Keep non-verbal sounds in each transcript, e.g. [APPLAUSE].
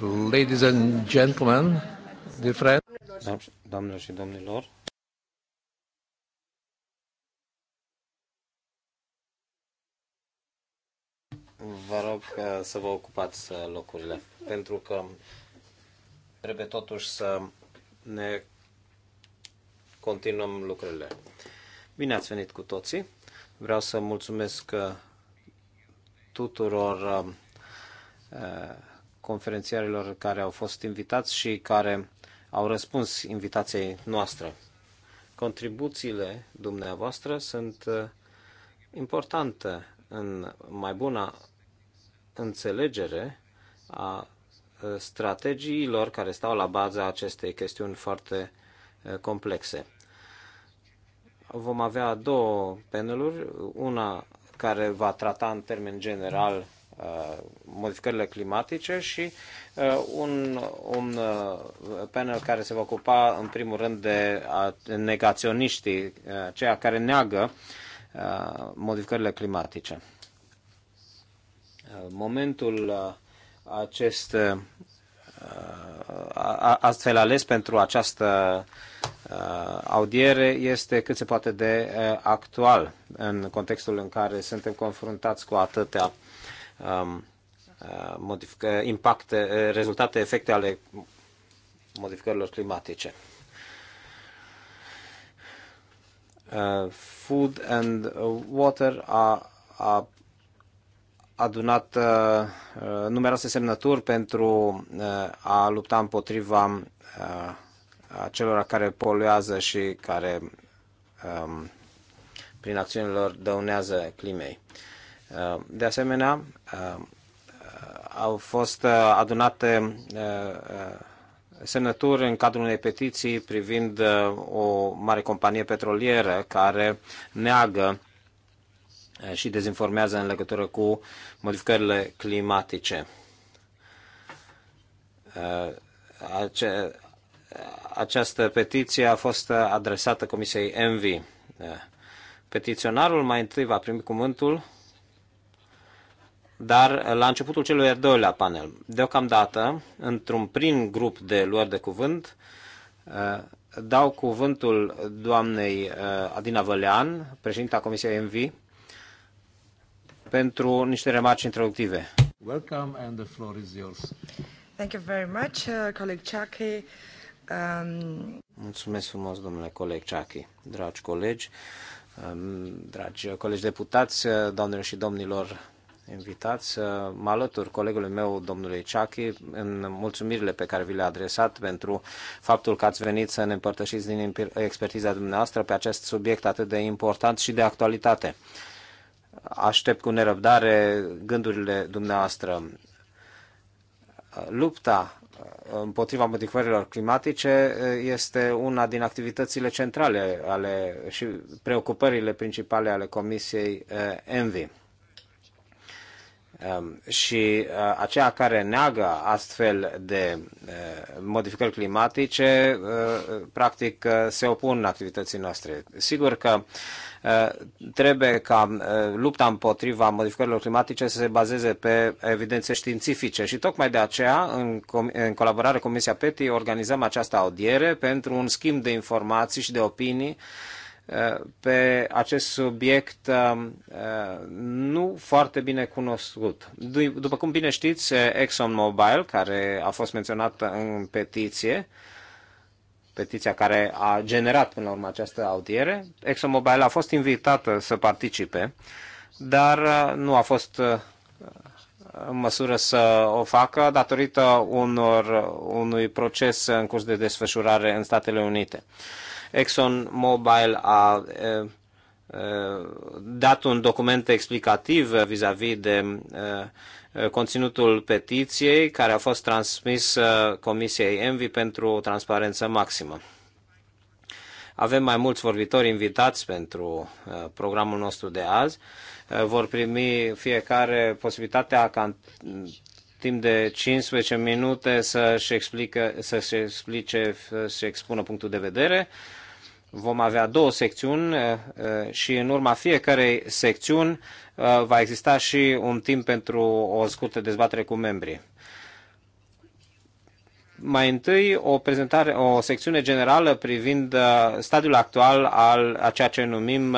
Ladies and gentlemen, dear friends. Doamnelor și domnilor, vă rog uh, să vă ocupați uh, locurile, pentru că trebuie totuși să ne continuăm lucrurile. Bine ați venit cu toții. Vreau să mulțumesc uh, tuturor conferențiarilor care au fost invitați și care au răspuns invitației noastre. Contribuțiile dumneavoastră sunt uh, importante în mai bună înțelegere a uh, strategiilor care stau la baza acestei chestiuni foarte uh, complexe. Vom avea două paneluri, una care va trata în termen general Uh, modificările climatice și uh, un, un uh, panel care se va ocupa în primul rând de negaționiștii, ceea care neagă modificările climatice. Momentul acest astfel ales pentru această audiere este cât se poate de actual în contextul în care suntem confruntați cu atâtea Um, uh, impacte, uh, rezultate, efecte ale modificărilor climatice. Uh, food and Water a, a adunat uh, numeroase semnături pentru uh, a lupta împotriva uh, celor care poluează și care um, prin acțiunile lor dăunează climei. Uh, de asemenea, uh, au fost uh, adunate uh, semnături în cadrul unei petiții privind o mare companie petrolieră care neagă și dezinformează în legătură cu modificările climatice. Ace- această petiție a fost adresată Comisiei Envi. Petiționarul mai întâi va primi cuvântul dar eh, la începutul celui al doilea panel. Deocamdată, într-un prim grup de luări de cuvânt, eh, dau cuvântul doamnei eh, Adina Vălean, președinta Comisiei MV, pentru niște remarci introductive. Welcome and the floor is yours. Thank you very much, uh, colleague Chaki. Um... Mulțumesc frumos, domnule coleg Chaki, dragi colegi, um, dragi colegi deputați, uh, doamnelor și domnilor invitat să mă alătur colegului meu, domnului Ceachi, în mulțumirile pe care vi le-a adresat pentru faptul că ați venit să ne împărtășiți din expertiza dumneavoastră pe acest subiect atât de important și de actualitate. Aștept cu nerăbdare gândurile dumneavoastră. Lupta uh, împotriva modificărilor climatice uh, este una din activitățile centrale ale, și preocupările principale ale Comisiei uh, ENVI Um, și uh, aceia care neagă astfel de uh, modificări climatice, uh, practic se opun activității noastre. Sigur că trebuie ca lupta împotriva modificărilor climatice să se bazeze pe evidențe științifice și tocmai de aceea, în, în colaborare cu Comisia PETI, organizăm această audiere pentru un schimb de informații și de opinii pe acest subiect uh, uh, nu foarte bine cunoscut. După cum bine știți, ExxonMobil, care a fost menționat în petiție, petiția care a generat până la urmă această audiere, ExxonMobil a fost invitată să participe, dar uh, nu a fost în măsură să o facă datorită unor, unui proces în curs de desfășurare în Statele Unite. Exxon Mobil a dat un document explicativ vis-a-vis -vis de conținutul petiției care a fost transmis Comisiei Envi pentru o transparență maximă. Avem mai mulți vorbitori invitați pentru programul nostru de azi. Vor primi fiecare posibilitatea ca în timp de 15 minute să-și, să-și explice, să-și expună punctul de vedere Vom avea două secțiuni uh, uh, și în urma fiecarei secțiuni uh, va exista și un timp pentru o scurtă dezbatere cu membrii. Mai întâi o prezentare, o secțiune generală privind stadiul actual al a ceea ce numim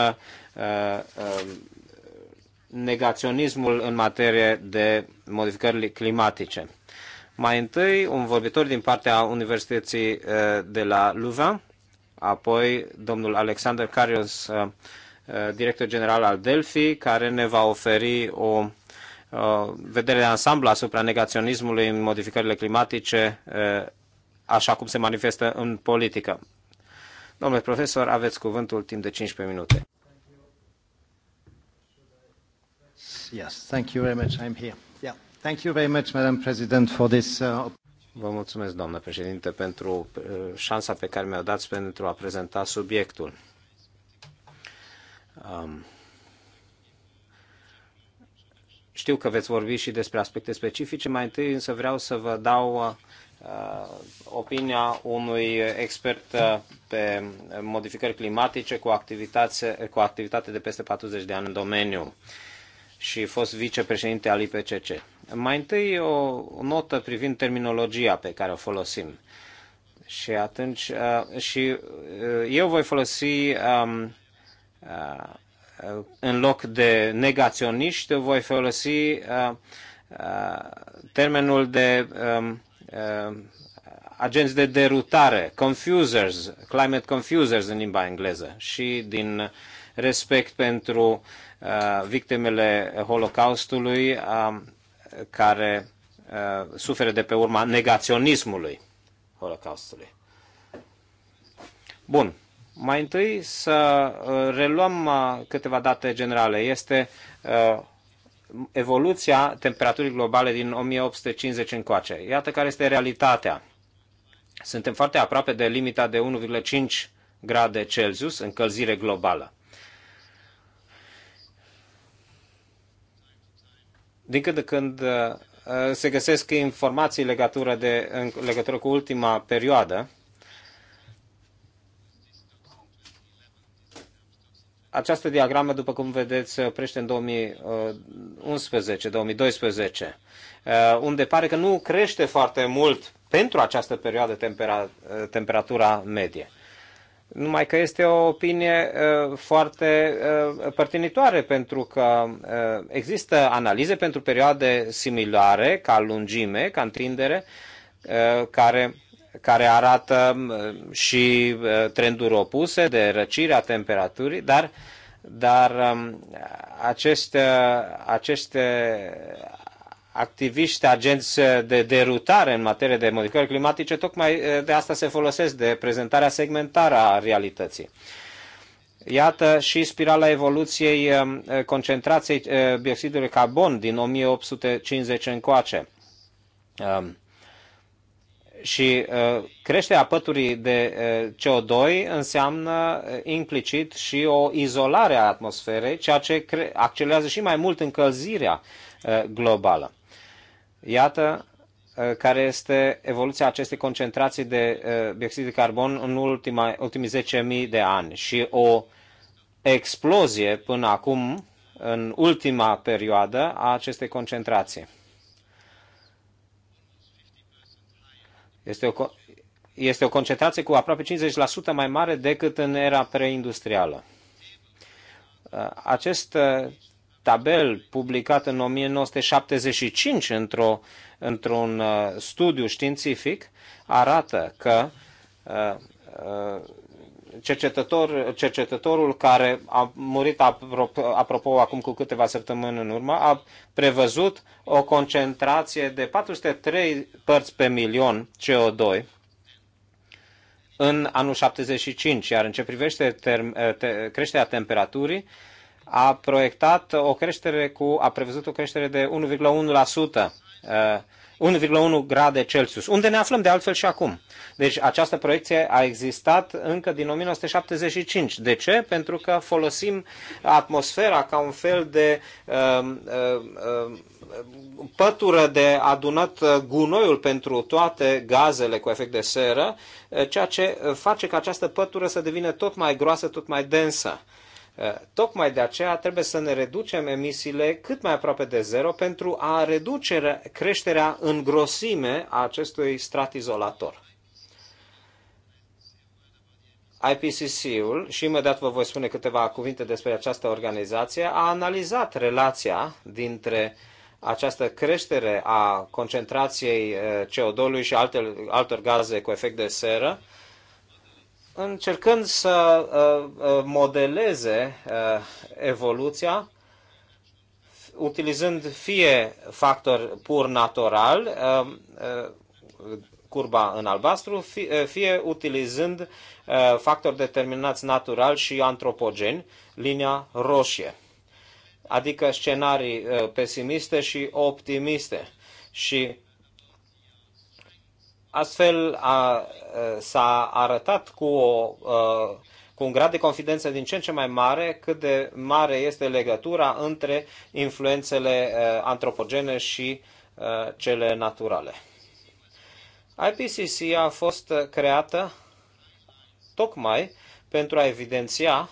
negaționismul în materie de modificări climatice. Mai întâi, un vorbitor din partea Universității de la Louvain apoi domnul Alexander Carios, uh, uh, director general al Delphi, care ne va oferi o uh, vedere de ansamblu asupra negaționismului în modificările climatice, așa cum se manifestă în politică. Domnule profesor, aveți cuvântul timp de 15 minute. Yes, thank you very much. I'm here. Yeah. Thank you very much, Madam President, for this uh, Vă mulțumesc, doamnă președinte, pentru uh, șansa pe care mi-o dați pentru a prezenta subiectul. Um, știu că veți vorbi și despre aspecte specifice, mai întâi însă vreau să vă dau uh, opinia unui expert uh, pe modificări climatice cu activitate, cu activitate de peste 40 de ani în domeniu și fost vicepreședinte al IPCC. Mai întâi o notă privind terminologia pe care o folosim. Și atunci, uh, și uh, eu voi folosi um, uh, în loc de negaționiști, voi folosi termenul de um, agenți de derutare, confusers, climate confusers în limba engleză și din respect pentru victimele Holocaustului um, care uh, suferă de pe urma negaționismului Holocaustului. Bun. Mai întâi să uh, reluăm uh, câteva date generale. Este evoluția temperaturii globale din 1850 încoace. Iată care este realitatea. Suntem foarte aproape de limita de 1,5 grade Celsius, încălzire globală. din când în când uh, uh, se găsesc informații legătură, de, în legătură cu ultima perioadă. Această diagramă, după cum vedeți, oprește în 2011-2012, uh, unde pare că nu crește foarte mult pentru această perioadă tempera, temperatura medie. Numai că este o opinie uh, foarte uh, părtinitoare, pentru că uh, există analize pentru perioade similare, ca lungime, ca întindere, care, care arată și trenduri opuse de răcire a temperaturii, dar, dar um, aceste, aceste activiști, agenți uh, de derutare în materie de modificări climatice, tocmai uh, de asta se folosesc, de prezentarea segmentară a realității. Iată și spirala evoluției um, concentrației dioxidului uh, carbon din 1850 încoace. Um, și creșterea păturii de CO2 înseamnă implicit și o izolare a atmosferei, ceea ce accelerează și mai mult încălzirea globală. Iată uh, care este evoluția acestei concentrații de uh, dioxid de carbon în ultima, ultimii 10.000 de ani și o explozie până acum, în ultima perioadă, a acestei concentrații. Este o, este o concentrație cu aproape 50% mai mare decât în era preindustrială. Uh, acest tabel publicat în 1975 într-o, într-un uh, studiu științific arată că uh, uh, cercetător, cercetătorul care a murit apropo, apropo acum cu câteva săptămâni în urmă a prevăzut o concentrație de 403 părți pe milion CO2 în anul 75, iar în ce privește term, te, creșterea temperaturii, uh, a proiectat o creștere cu, a prevăzut o creștere de 1,1%. 1,1 uh, grade Celsius, unde ne aflăm de altfel și acum. Deci această proiecție a existat încă din 1975. De ce? Pentru că folosim atmosfera ca un fel de uh, uh, uh, pătură de adunat uh, gunoiul pentru toate gazele cu efect de seră, uh, ceea ce face ca această pătură să devină tot mai groasă, tot mai densă. Eh, tocmai de aceea trebuie să ne reducem emisiile cât mai aproape de zero pentru a reduce creșterea în grosime a acestui strat izolator. IPCC-ul, și imediat vă voi spune câteva cuvinte despre această organizație, a analizat relația dintre această creștere a concentrației eh, CO2-ului și alte, altor gaze cu efect de seră încercând să uh, uh, modeleze uh, evoluția, utilizând fie factor pur natural, curba în albastru, fie utilizând factori determinați natural și antropogeni, linia roșie, adică scenarii pesimiste și optimiste. Și Astfel s-a arătat cu, o, cu un grad de confidență din ce în ce mai mare cât de mare este legătura între influențele antropogene și cele naturale. IPCC a fost creată tocmai pentru a evidenția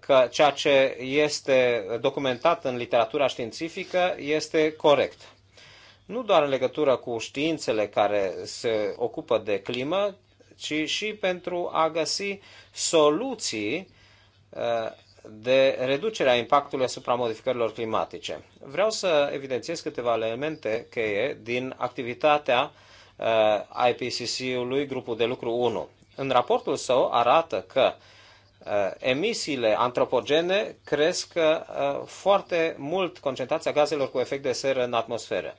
că ceea ce este documentat în literatura științifică este corect nu doar în legătură cu științele care se ocupă de climă, ci și pentru a găsi soluții uh, de reducerea impactului asupra modificărilor climatice. Vreau să evidențiez câteva elemente cheie din activitatea uh, IPCC-ului, grupul de lucru 1. În raportul său arată că uh, emisiile antropogene cresc foarte mult concentrația gazelor cu efect de seră în atmosferă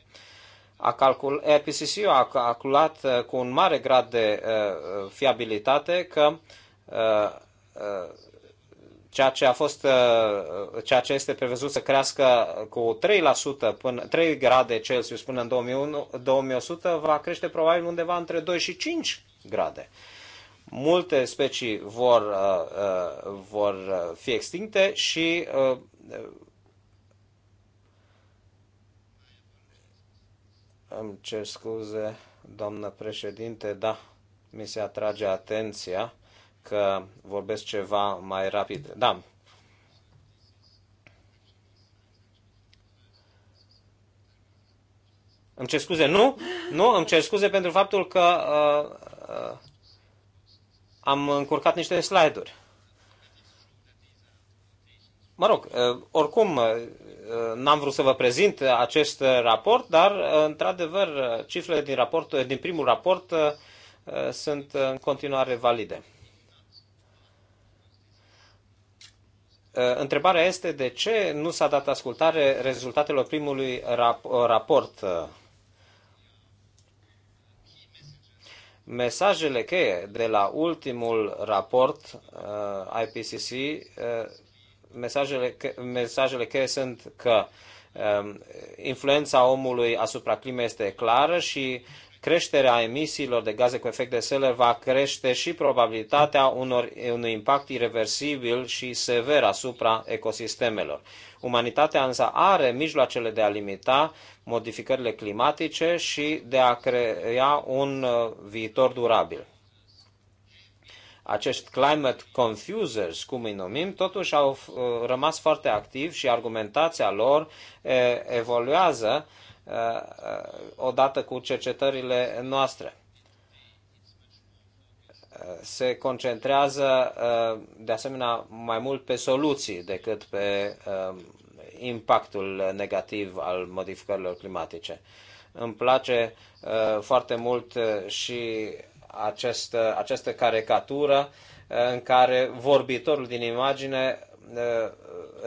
a calcul, IPCC a calculat uh, cu un mare grad de uh, uh, fiabilitate că uh, uh, ceea ce a fost, uh, ceea ce este prevăzut să crească cu 3%, până, 3 grade Celsius până în 2001, 2100, va crește probabil undeva între 2 și 5 grade. Multe specii vor, vor fi extinte și Îmi cer scuze, doamnă președinte, da, mi se atrage atenția că vorbesc ceva mai rapid. Da. Îmi cer scuze, nu? Nu, îmi cer scuze pentru faptul că uh, uh, am încurcat niște slide-uri. Mă rog, uh, oricum uh, n-am vrut să vă prezint acest uh, raport, dar într-adevăr cifrele din, raport, din primul raport sunt în continuare valide. Întrebarea este de ce nu s-a dat ascultare rezultatelor primului raport. Mesajele cheie de la ultimul raport IPCC mesajele, mesajele cheie sunt că um, influența omului asupra climei este clară și creșterea emisiilor de gaze cu efect de seră va crește și probabilitatea unor, unui impact irreversibil și sever asupra ecosistemelor. Umanitatea însă are mijloacele de a limita modificările climatice și de a crea un uh, viitor durabil acești climate confusers, cum îi numim, totuși au uh, rămas foarte activi și argumentația lor evoluează odată cu cercetările noastre. Se concentrează de asemenea mai mult pe soluții decât pe impactul negativ al modificărilor climatice. Îmi place foarte mult și această, această caricatură eh, în care vorbitorul din imagine eh,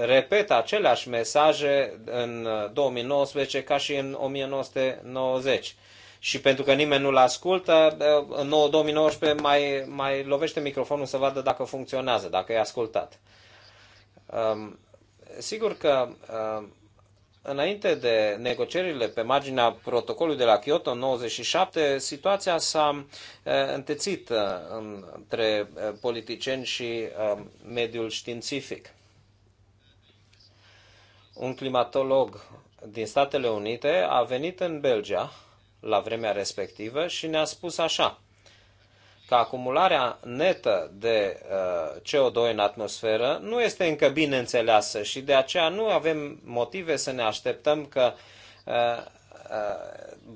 repetă aceleași mesaje în 2019 eh, ca și în 1990. Și pentru că nimeni nu-l ascultă, în 2019 mai, mai lovește microfonul să vadă dacă funcționează, dacă e ascultat. Ehm, sigur că ehm, înainte de negocierile pe marginea protocolului de la Kyoto în 97, situația s-a eh, întețit eh, între eh, politicieni și mediul științific. Un climatolog din Statele Unite a venit în Belgia la vremea respectivă și ne-a spus așa că acumularea netă de uh, CO2 în atmosferă nu este încă bine înțeleasă și de aceea nu avem motive să ne așteptăm că uh, uh,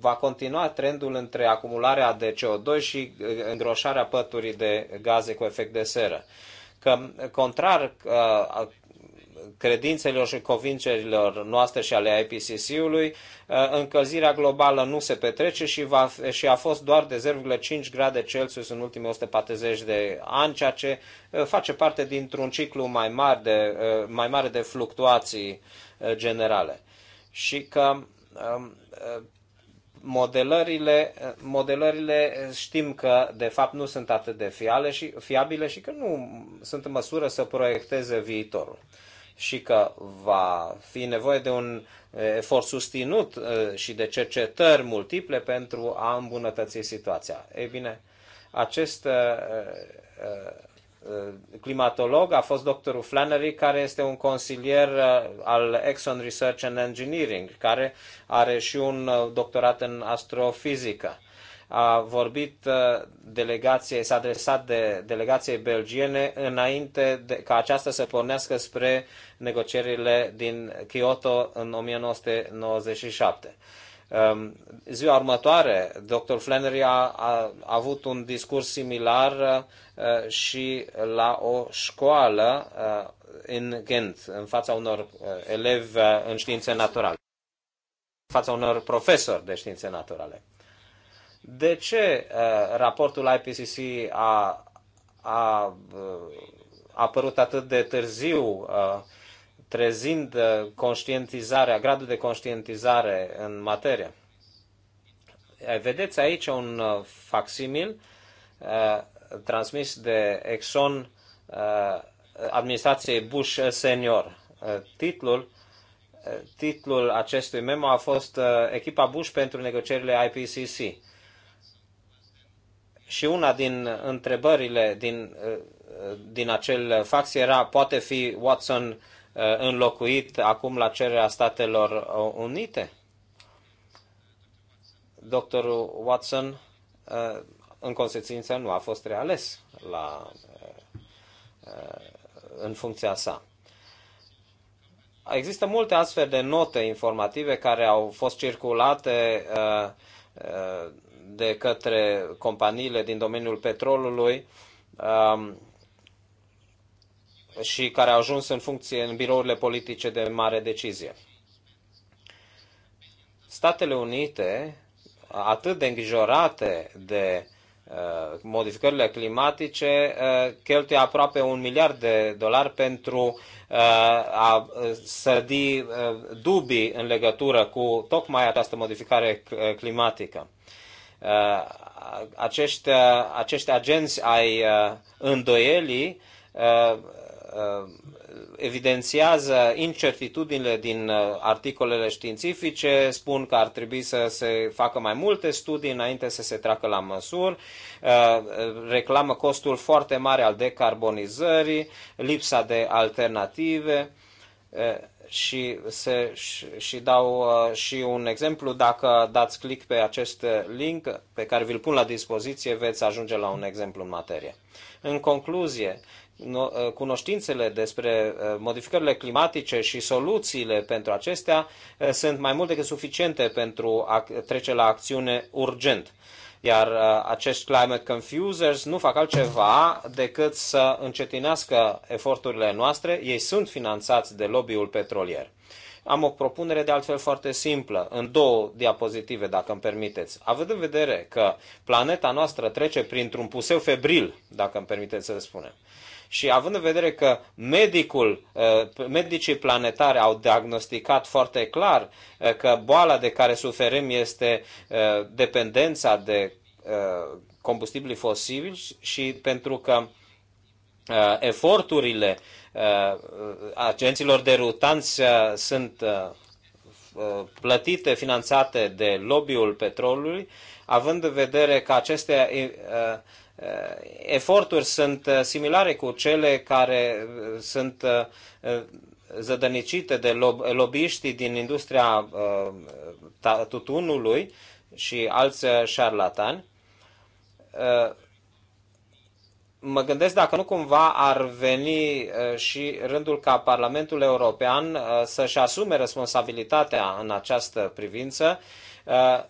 va continua trendul între acumularea de CO2 și îngroșarea păturii de gaze cu efect de seră. Că, contrar credințelor și convingerilor noastre și ale IPCC-ului, uh, încălzirea globală nu se petrece și, va, și a fost doar de 0,5 grade Celsius în ultimii 140 de ani, ceea ce uh, face parte dintr-un ciclu mai mare de, uh, mai mare de fluctuații generale. Și că um, modelările, modelările știm că de fapt nu sunt atât de fiale și, fiabile și că nu sunt în măsură să proiecteze viitorul și că va fi nevoie de un efort susținut și de cercetări multiple pentru a îmbunătăți situația. Ei bine, acest climatolog a fost doctorul Flannery, care este un consilier al Exxon Research and Engineering, care are și un doctorat în astrofizică a vorbit uh, delegație, s-a adresat de delegației belgiene înainte de, ca aceasta să pornească spre negocierile din Kyoto în 1997. Um, ziua următoare, dr. Flannery a, a, a avut un discurs similar uh, și la o școală uh, în Ghent, în fața unor uh, elevi în științe naturale, în fața unor profesori de științe naturale. De ce uh, raportul IPCC a, a, a uh, apărut atât de târziu, uh, trezind conștientizarea, gradul de conștientizare în materie? Vedeți aici un facsimil transmis de Exxon administrației Bush senior. Titlul, titlul acestui memo a fost Echipa Bush pentru negocierile IPCC și una din întrebările din, eh, din acel fax era poate fi Watson eh, înlocuit acum la cererea Statelor eh, Unite? Doctorul Watson în consecință nu a fost reales la, în funcția sa. Există multe astfel de note informative care au fost circulate de către companiile din domeniul petrolului um, și care au ajuns în funcție în birourile politice de mare decizie. Statele Unite, atât de îngrijorate de uh, modificările climatice uh, cheltuie aproape un miliard de dolari pentru uh, a sădi dubii în legătură cu tocmai această modificare climatică. Uh, acești, uh, acești agenți ai uh, îndoielii evidențiază incertitudinile din articolele științifice, spun că ar trebui să se facă mai multe studii înainte să se treacă la măsuri, reclamă costul foarte mare al decarbonizării, lipsa de alternative și, se, și, și dau uh, și un exemplu. Dacă dați click pe acest link pe care vi-l pun la dispoziție, veți ajunge la un exemplu în materie. În concluzie, uh, cunoștințele despre uh, modificările climatice și soluțiile pentru acestea sunt mai mult decât suficiente pentru a trece la acțiune urgent. Iar uh, acești climate confusers nu fac altceva decât să încetinească eforturile noastre. Ei sunt finanțați de lobby-ul petrolier. Am o propunere de altfel foarte simplă, în două diapozitive, dacă îmi permiteți. Având în vedere că planeta noastră trece printr-un puseu febril, dacă îmi permiteți să spunem, și având în vedere că medicul, uh, medicii planetari au diagnosticat foarte clar uh, că boala de care suferim este uh, dependența de combustibili fosili și pentru că eforturile agenților rutanți sunt plătite, finanțate de lobby-ul petrolului, având în vedere că aceste Uh, eforturi sunt uh, similare cu cele care uh, sunt zădănicite de lobiștii din industria tutunului și alți șarlatani. Mă gândesc dacă nu cumva ar veni și rândul ca Parlamentul European să-și asume responsabilitatea în această privință Uh, uh,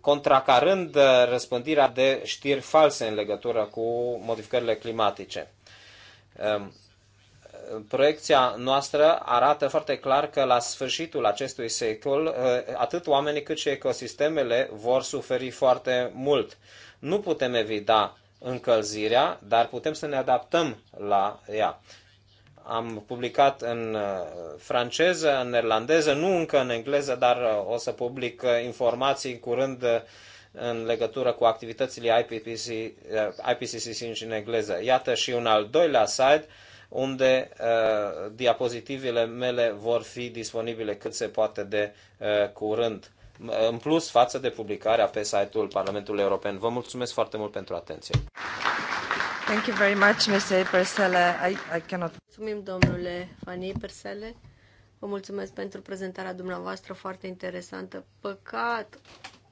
contracarând uh, răspândirea de știri false în legătură cu modificările climatice um, proiecția noastră arată foarte clar că la sfârșitul acestui secol atât oamenii cât și ecosistemele vor suferi foarte mult. Nu putem evita încălzirea, dar putem să ne adaptăm la ea. Am publicat în uh, franceză, în neerlandeză, nu încă în engleză, dar uh, o să public uh, informații curând în legătură cu activitățile IPPC, IPCC în engleză. Iată și un al doilea site unde uh, diapozitivele mele vor fi disponibile cât se poate de uh, curând, în plus față de publicarea pe site-ul Parlamentului European. Vă mulțumesc foarte mult pentru atenție! Thank you very much, Ms. Persele. I, I cannot... Mulțumim, domnule Fani Persele. Vă mulțumesc pentru prezentarea dumneavoastră foarte interesantă. Păcat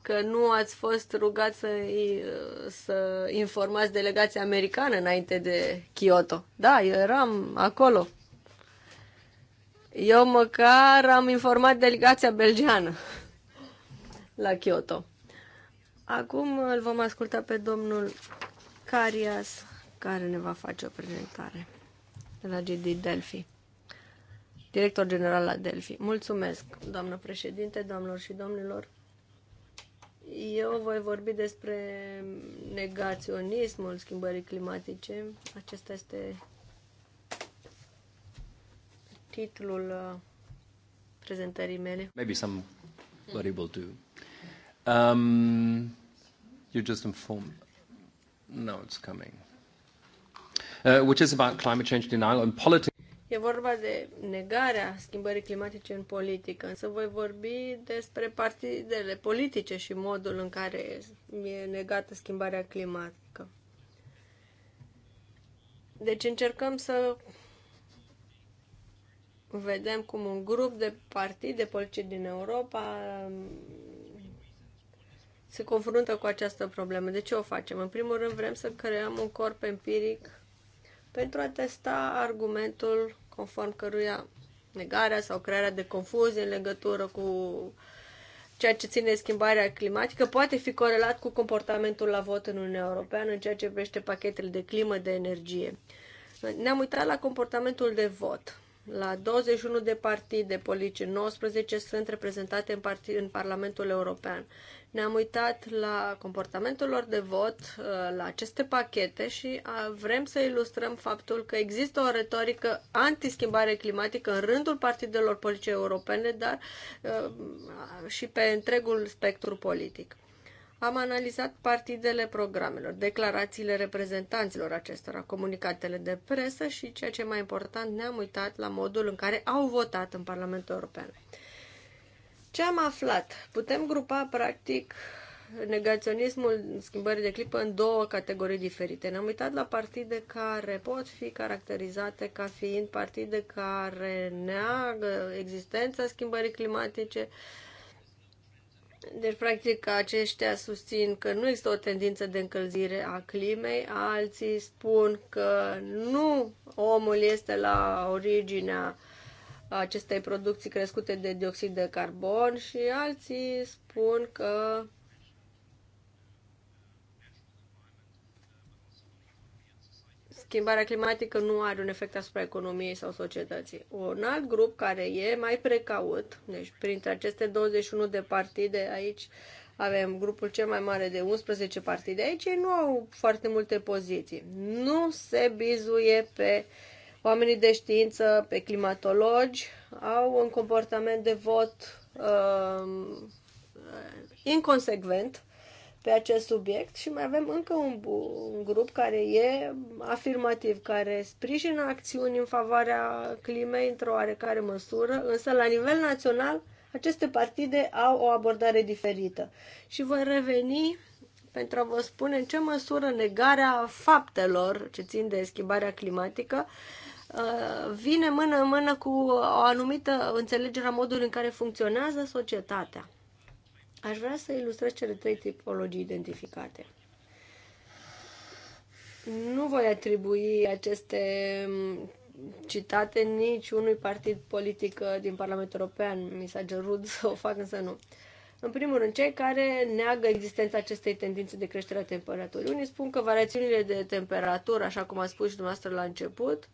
că nu ați fost rugat să, să informați delegația americană înainte de Kyoto. Da, eu eram acolo. Eu măcar am informat delegația belgiană la Kyoto. Acum îl vom asculta pe domnul Carias care ne va face o prezentare de la GD Delphi, director general la Delphi. Mulțumesc, doamnă președinte, doamnelor și domnilor. Eu voi vorbi despre negaționismul schimbării climatice. Acesta este titlul uh, prezentării mele. Maybe some body will to. Um, you just inform. No, it's coming. Uh, which is about climate change denial and politics. E vorba de negarea schimbării climatice în politică, însă voi vorbi despre partidele politice și modul în care e negată schimbarea climatică. Deci încercăm să vedem cum un grup de partide politice din Europa um, se confruntă cu această problemă. De ce o facem? În primul rând vrem să creăm un corp empiric pentru a testa argumentul conform căruia negarea sau crearea de confuzie în legătură cu ceea ce ține schimbarea climatică poate fi corelat cu comportamentul la vot în Uniunea Europeană în ceea ce privește pachetele de climă, de energie. Ne-am uitat la comportamentul de vot la 21 de partide politice, 19 sunt reprezentate în, part- în Parlamentul European. Ne-am uitat la comportamentul lor de vot, uh, la aceste pachete și uh, vrem să ilustrăm faptul că există o retorică antischimbare climatică în rândul partidelor politice europene, dar uh, și pe întregul spectru politic am analizat partidele programelor, declarațiile reprezentanților acestora, comunicatele de presă și, ceea ce e mai important, ne-am uitat la modul în care au votat în Parlamentul European. Ce am aflat? Putem grupa, practic, negaționismul schimbării de clipă în două categorii diferite. Ne-am uitat la partide care pot fi caracterizate ca fiind partide care neagă existența schimbării climatice, uh, deci, practic, aceștia susțin că nu există o tendință de încălzire a climei, alții spun că nu omul este la originea acestei producții crescute de dioxid de carbon și alții spun că schimbarea climatică nu are un efect asupra economiei sau societății. Un alt grup care e mai precaut, deci printre aceste 21 de partide aici avem grupul cel mai mare de 11 partide aici, ei nu au foarte multe poziții. Nu se bizuie pe oamenii de știință, pe climatologi, au un comportament de vot uh, inconsecvent pe acest subiect și mai avem încă un, un grup care e afirmativ, care sprijină acțiuni în favoarea climei într-o oarecare măsură, însă la nivel național aceste partide au o abordare diferită. Și voi reveni pentru a vă spune în ce măsură negarea faptelor ce țin de schimbarea climatică uh, vine mână în mână cu o anumită înțelegere a modului în care funcționează societatea. Aș vrea să ilustrez cele trei tipologii identificate. Nu voi atribui aceste mm, citate nici unui partid politic uh, din Parlamentul European. Mi s-a gerut să o fac, însă nu. În primul rând, cei care neagă existența acestei tendințe de creștere a temperaturii. Unii spun că variațiunile de temperatură, așa cum a spus și dumneavoastră la început,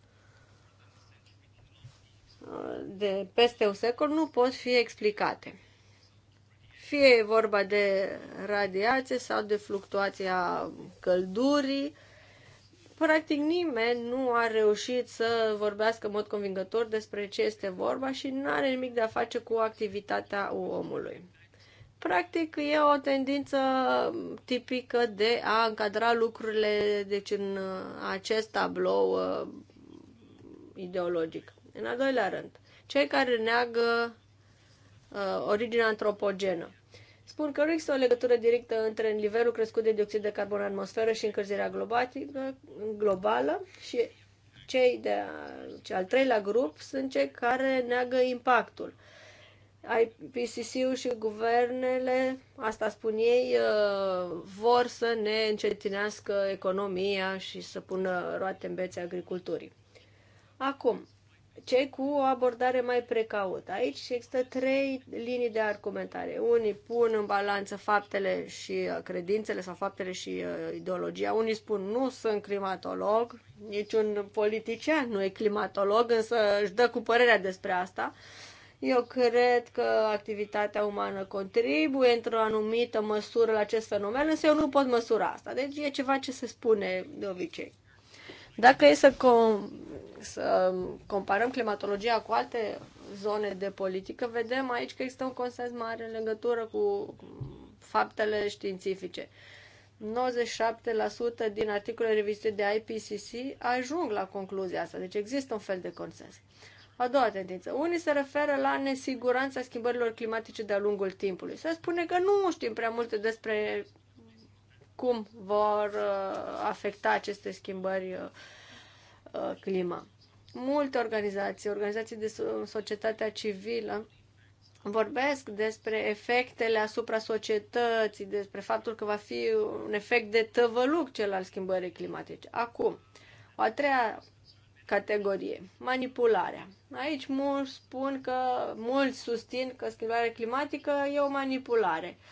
uh, de peste un secol, nu pot fi explicate fie e vorba de radiație sau de fluctuația căldurii, practic nimeni nu a reușit să vorbească în mod convingător despre ce este vorba și nu are nimic de a face cu activitatea omului. Practic e o tendință tipică de a încadra lucrurile deci în acest tablou uh, ideologic. În al doilea rând, cei care neagă uh, origine antropogenă. Spun că nu există o legătură directă între nivelul crescut de dioxid de carbon în atmosferă și încălzirea globală și cei de al treilea grup sunt cei care neagă impactul. IPCC-ul și guvernele, asta spun ei, uh, vor să ne încetinească economia și să pună roate în bețe agriculturii. Acum, cei cu o abordare mai precaută. Aici există trei linii de argumentare. Unii pun în balanță faptele și uh, credințele sau faptele și uh, ideologia. Unii spun nu sunt climatolog, niciun politician nu e climatolog, însă își dă cu părerea despre asta. Eu cred că activitatea umană contribuie într-o anumită măsură la acest fenomen, însă eu nu pot măsura asta. Deci e ceva ce se spune de obicei. Dacă e să, com- să comparăm climatologia cu alte zone de politică, vedem aici că există un consens mare în legătură cu faptele științifice. 97% din articole revizite de IPCC ajung la concluzia asta, deci există un fel de consens. A doua tendință. Unii se referă la nesiguranța schimbărilor climatice de-a lungul timpului. Se spune că nu știm prea multe despre cum vor uh, afecta aceste schimbări uh, uh, clima. Multe organizații, organizații de societatea civilă, vorbesc despre efectele asupra societății, despre faptul că va fi un efect de tăvăluc cel al schimbării climatice. Acum, o a treia categorie, manipularea. Aici mulți spun că, mulți susțin că schimbarea climatică e o manipulare. Uh,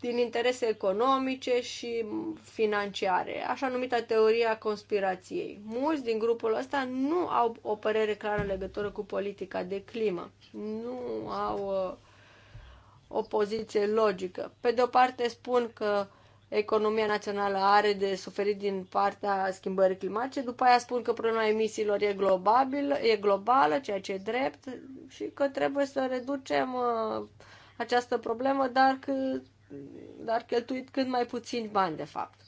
din interese economice și financiare, așa numita teoria conspirației. Mulți din grupul ăsta nu au o părere clară în legătură cu politica de climă, nu au uh, o poziție logică. Pe de o parte spun că economia națională are de suferit din partea schimbării climatice, după aia spun că problema emisiilor e, globabil, e globală, ceea ce e drept, și că trebuie să reducem uh, această problemă, dar că dar cheltuit cât mai puțin bani, de fapt.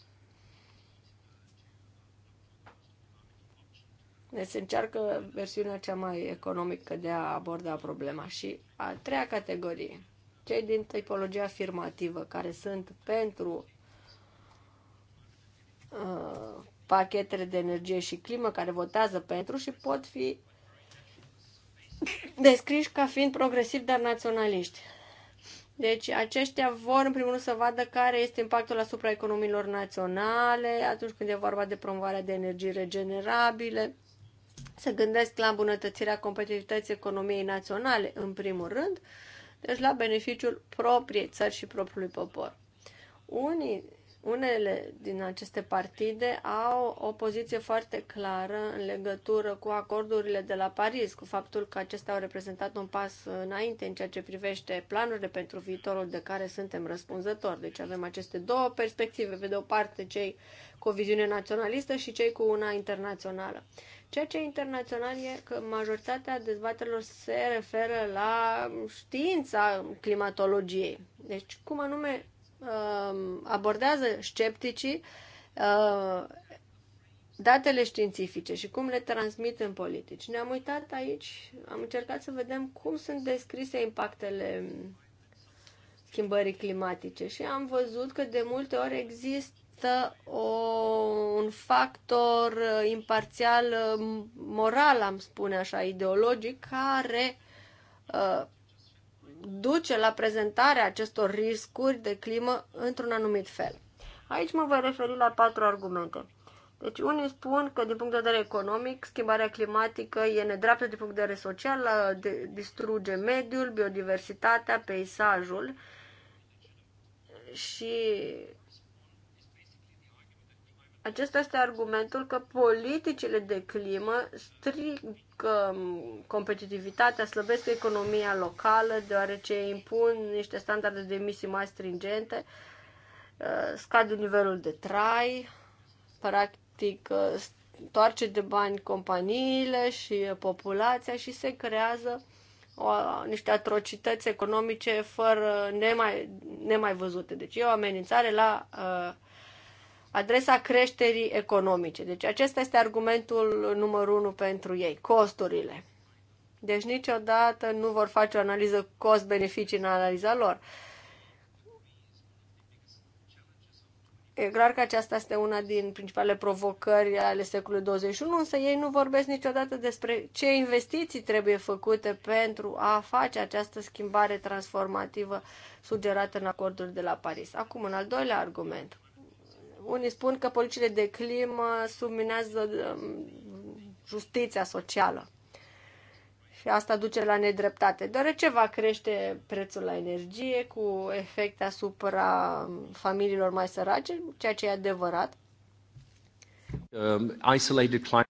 Deci se încearcă versiunea cea mai economică de a aborda problema. Și a treia categorie, cei din tipologia afirmativă, care sunt pentru uh, pachetele de energie și climă, care votează pentru și pot fi descriși ca fiind progresivi, dar naționaliști. Deci aceștia vor în primul rând să vadă care este impactul asupra economiilor naționale atunci când e vorba de promovarea de energii regenerabile, să gândesc la îmbunătățirea competitivității economiei naționale în primul rând, deci la beneficiul propriei țări și propriului popor. Unii unele din aceste partide au o poziție foarte clară în legătură cu acordurile de la Paris, cu faptul că acestea au reprezentat un pas înainte în ceea ce privește planurile pentru viitorul de care suntem răspunzători. Deci avem aceste două perspective, pe de o parte cei cu o viziune naționalistă și cei cu una internațională. Ceea ce e internațional e că majoritatea dezbaterilor se referă la știința climatologiei. Deci cum anume Um, abordează scepticii uh, datele științifice și cum le transmit în politici. Ne-am uitat aici, am încercat să vedem cum sunt descrise impactele schimbării climatice și am văzut că de multe ori există o, un factor imparțial moral, am spune așa, ideologic, care uh, duce la prezentarea acestor riscuri de climă într-un anumit fel. Aici mă voi referi la patru argumente. Deci unii spun că din punct de vedere economic schimbarea climatică e nedreaptă din punct de vedere social, distruge mediul, biodiversitatea, peisajul și acesta este argumentul că politicile de climă strică um, competitivitatea, slăbesc economia locală, deoarece impun niște standarde de emisii mai stringente, uh, scade nivelul de trai, practic uh, toarce de bani companiile și uh, populația și se creează o, niște atrocități economice fără nemai, nemai văzute. Deci e o amenințare la uh, adresa creșterii economice. Deci acesta este argumentul numărul unu pentru ei, costurile. Deci niciodată nu vor face o analiză cost-beneficii în analiza lor. E clar că aceasta este una din principalele provocări ale secolului 21, însă ei nu vorbesc niciodată despre ce investiții trebuie făcute pentru a face această schimbare transformativă sugerată în acordul de la Paris. Acum, un al doilea argument. Unii spun că politicile de climă subminează um, justiția socială. Și asta duce la nedreptate, deoarece va crește prețul la energie cu efecte asupra familiilor mai sărace, ceea ce e adevărat. Um,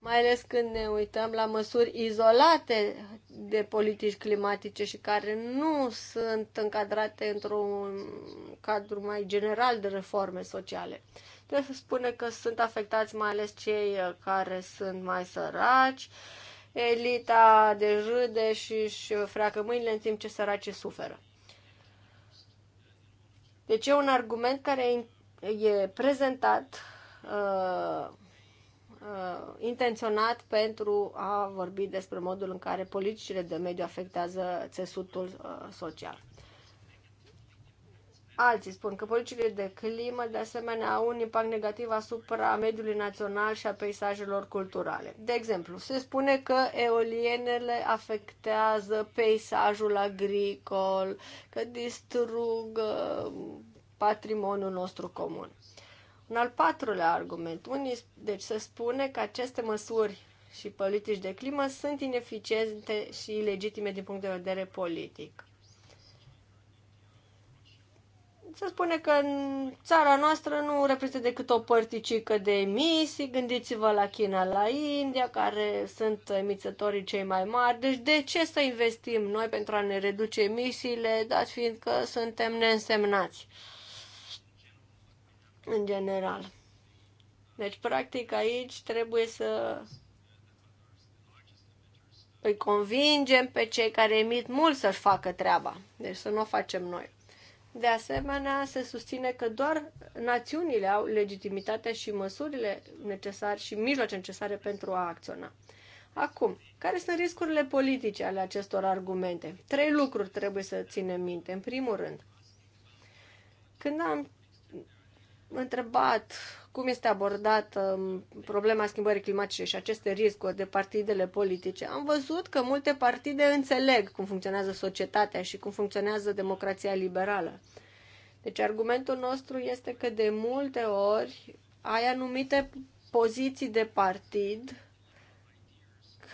Mai ales când ne uităm la măsuri izolate de politici climatice și care nu sunt încadrate într-un cadru mai general de reforme sociale. Trebuie să spune că sunt afectați mai ales cei uh, care sunt mai săraci, elita de râde și își uh, freacă mâinile în timp ce săracii suferă. Deci e un argument care e prezentat uh, uh, intenționat pentru a vorbi despre modul în care politicile de mediu afectează țesutul uh, social. Alții spun că politicile de climă, de asemenea, au un impact negativ asupra mediului național și a peisajelor culturale. De exemplu, se spune că eolienele afectează peisajul agricol, că distrug uh, patrimoniul nostru comun. Un al patrulea argument, unii, deci se spune că aceste măsuri și politici de climă sunt ineficiente și ilegitime din punct de vedere politic se spune că în țara noastră nu reprezintă decât o părticică de emisii, gândiți-vă la China, la India, care sunt emițătorii cei mai mari, deci de ce să investim noi pentru a ne reduce emisiile, dat fiind că suntem neînsemnați în general. Deci, practic, aici trebuie să îi convingem pe cei care emit mult să-și facă treaba. Deci să nu o facem noi. De asemenea, se susține că doar națiunile au legitimitatea și măsurile necesare și mijloace necesare pentru a acționa. Acum, care sunt riscurile politice ale acestor argumente? Trei lucruri trebuie să ținem minte. În primul rând, când am întrebat cum este abordată um, problema schimbării climatice și aceste riscuri de partidele politice, am văzut că multe partide înțeleg cum funcționează societatea și cum funcționează democrația liberală. Deci argumentul nostru este că de multe ori ai anumite poziții de partid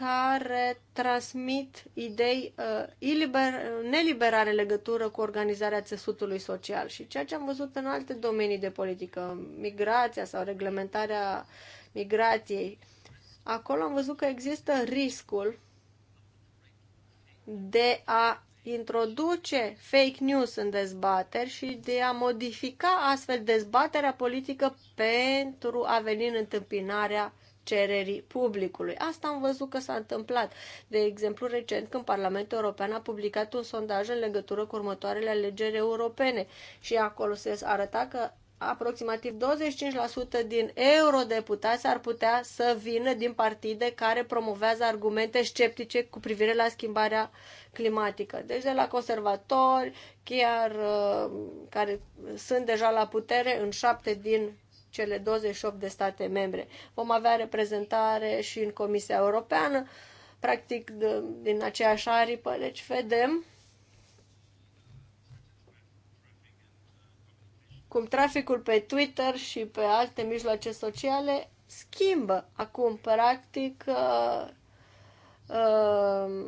care transmit idei uh, iliber, neliberare legătură cu organizarea țesutului social și ceea ce am văzut în alte domenii de politică, migrația sau reglementarea migrației. Acolo am văzut că există riscul de a introduce fake news în dezbateri și de a modifica astfel dezbaterea politică pentru a veni în întâmpinarea cererii publicului. Asta am văzut că s-a întâmplat. De exemplu, recent când Parlamentul European a publicat un sondaj în legătură cu următoarele alegeri europene și acolo se arăta că aproximativ 25% din eurodeputați ar putea să vină din partide care promovează argumente sceptice cu privire la schimbarea climatică. Deci de la conservatori, chiar uh, care sunt deja la putere în șapte din cele 28 de state membre. Vom avea reprezentare și în Comisia Europeană, practic de, din aceeași aripă, deci vedem cum traficul pe Twitter și pe alte mijloace sociale schimbă acum, practic, uh, uh, uh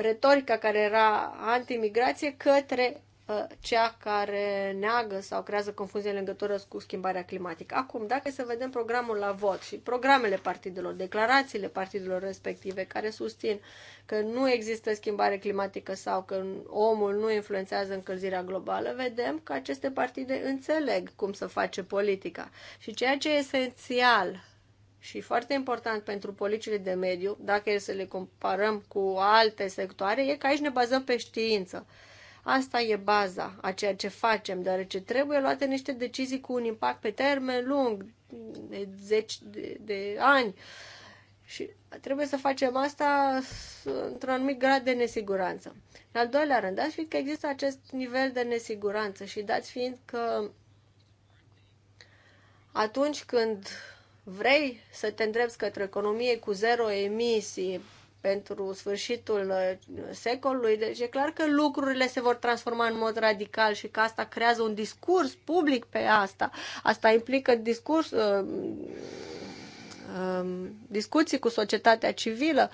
retorica care era antimigrație către Uh, cea care neagă sau creează confuzie în legătură cu schimbarea climatică. Acum, dacă să vedem programul la vot și programele partidelor, declarațiile partidelor respective care susțin că nu există schimbare climatică sau că omul nu influențează încălzirea globală, vedem că aceste partide înțeleg cum să face politica. Și ceea ce e esențial și foarte important pentru politicile de mediu, dacă e să le comparăm cu alte sectoare, e că aici ne bazăm pe știință. Asta e baza a ceea ce facem, deoarece trebuie luate niște decizii cu un impact pe termen lung, de zeci de, de ani. Și trebuie să facem asta într-un anumit grad de nesiguranță. În al doilea rând, dați fiind că există acest nivel de nesiguranță și dați fiind că atunci când vrei să te îndrepți către economie cu zero emisii, pentru sfârșitul uh, secolului. Deci e clar că lucrurile se vor transforma în mod radical și că asta creează un discurs public pe asta. Asta implică discurs, uh, um, discuții cu societatea civilă.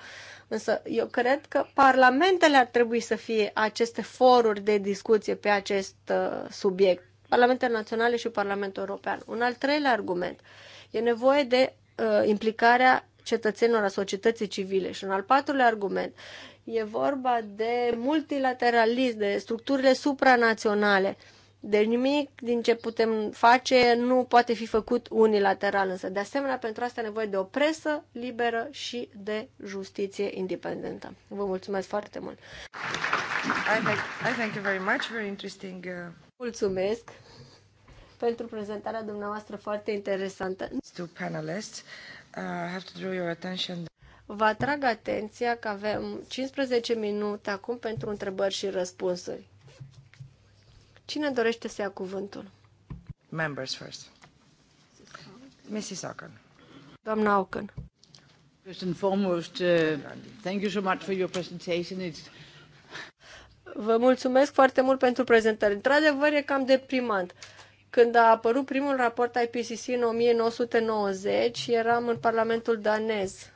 Însă eu cred că parlamentele ar trebui să fie aceste foruri de discuție pe acest uh, subiect. Parlamentele naționale și Parlamentul European. Un al treilea argument. E nevoie de uh, implicarea cetățenilor, a societății civile. Și un al patrulea argument, e vorba de multilateralism, de structurile supranaționale. Deci nimic din ce putem face nu poate fi făcut unilateral, însă de asemenea pentru asta e nevoie de o presă liberă și de justiție independentă. Vă mulțumesc foarte mult! I thank, I thank you very much, very interesting. Uh, mulțumesc pentru prezentarea dumneavoastră foarte interesantă. panelists. Uh, Vă atrag atenția că avem 15 minute acum pentru întrebări și răspunsuri. Cine dorește să ia cuvântul? Members first. Mrs. Ocken. Doamna Ocken. First and foremost, uh, thank you so much for your presentation. It's... Vă mulțumesc foarte mult pentru prezentare. Într-adevăr, e cam deprimant. Uh, când a apărut primul raport IPCC în 1990, eram în Parlamentul danez.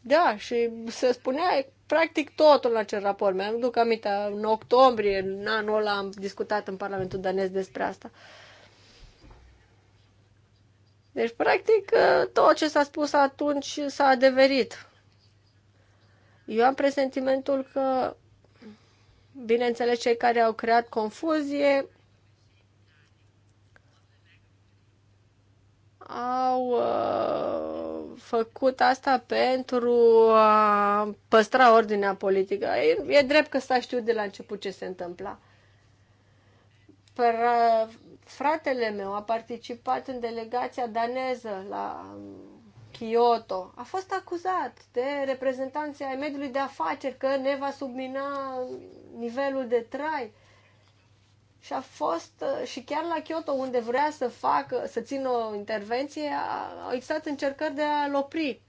Da, și se spunea practic totul la acel raport. Mi-am duc aminte, în octombrie, în anul ăla, am discutat în Parlamentul danez despre asta. Deci, practic, tot ce s-a spus atunci s-a adeverit. Eu am presentimentul că Bineînțeles, cei care au creat confuzie au uh, făcut asta pentru a păstra ordinea politică. E, e drept că s-a știut de la început ce se întâmpla. fratele meu a participat în delegația daneză la Kyoto, a fost acuzat de reprezentanții ai mediului de afaceri că ne va submina nivelul de trai. Și a fost uh, și chiar la Kyoto, unde vrea să facă, să țină o intervenție, au existat încercări de a-l opri.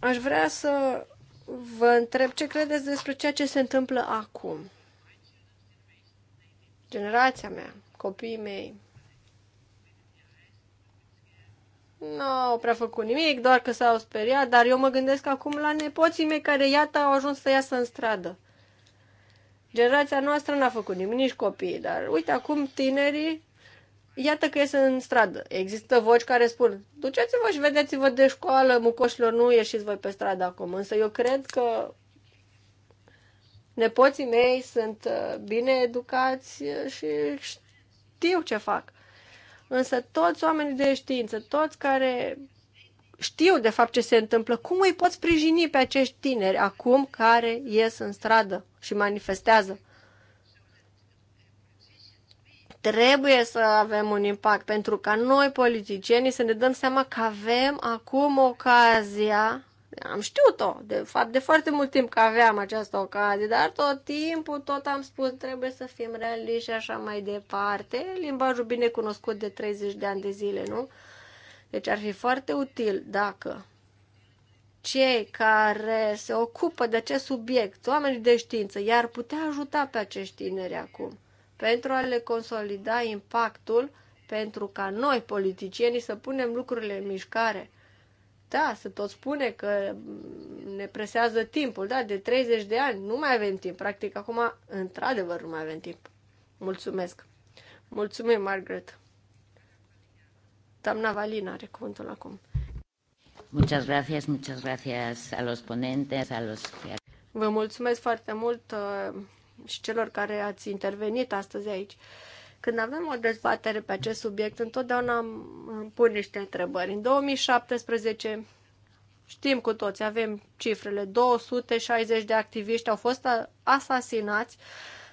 Aș vrea să vă întreb ce credeți despre ceea ce se întâmplă acum. Generația mea, copiii mei, nu au prea făcut nimic, doar că s-au speriat, dar eu mă gândesc acum la nepoții mei care, iată, au ajuns să iasă în stradă. Generația noastră n-a făcut nimic, nici copiii, dar uite, acum tinerii, iată că ies în stradă. Există voci care spun, duceți-vă și vedeți-vă de școală, mucoșilor, nu ieșiți voi pe stradă acum. Însă eu cred că nepoții mei sunt uh, bine educați uh, și știu ce fac. Însă toți oamenii de știință, toți care știu de fapt ce se întâmplă, cum îi pot sprijini pe acești tineri acum care ies în stradă și manifestează? Trebuie să avem un impact pentru ca noi politicienii să ne dăm seama că avem acum ocazia am știut-o, de fapt, de foarte mult timp că aveam această ocazie, dar tot timpul tot am spus, trebuie să fim realiști și așa mai departe. Limbajul bine cunoscut de 30 de ani de zile, nu? Deci ar fi foarte util dacă cei care se ocupă de acest subiect, oamenii de știință, i-ar putea ajuta pe acești tineri acum pentru a le consolida impactul pentru ca noi, politicienii, să punem lucrurile în mișcare da, se tot spune că ne presează timpul, da, de 30 de ani nu mai avem timp. Practic, acum, într-adevăr, nu mai avem timp. Mulțumesc. Mulțumim, Margaret. Doamna Valina are cuvântul acum. Muchas gracias, muchas gracias a los ponentes, a los... Vă mulțumesc foarte mult uh, și celor care ați intervenit astăzi aici. Când avem o dezbatere pe acest subiect, întotdeauna îmi pun niște întrebări. În 2017, știm cu toți, avem cifrele, 260 de activiști au fost asasinați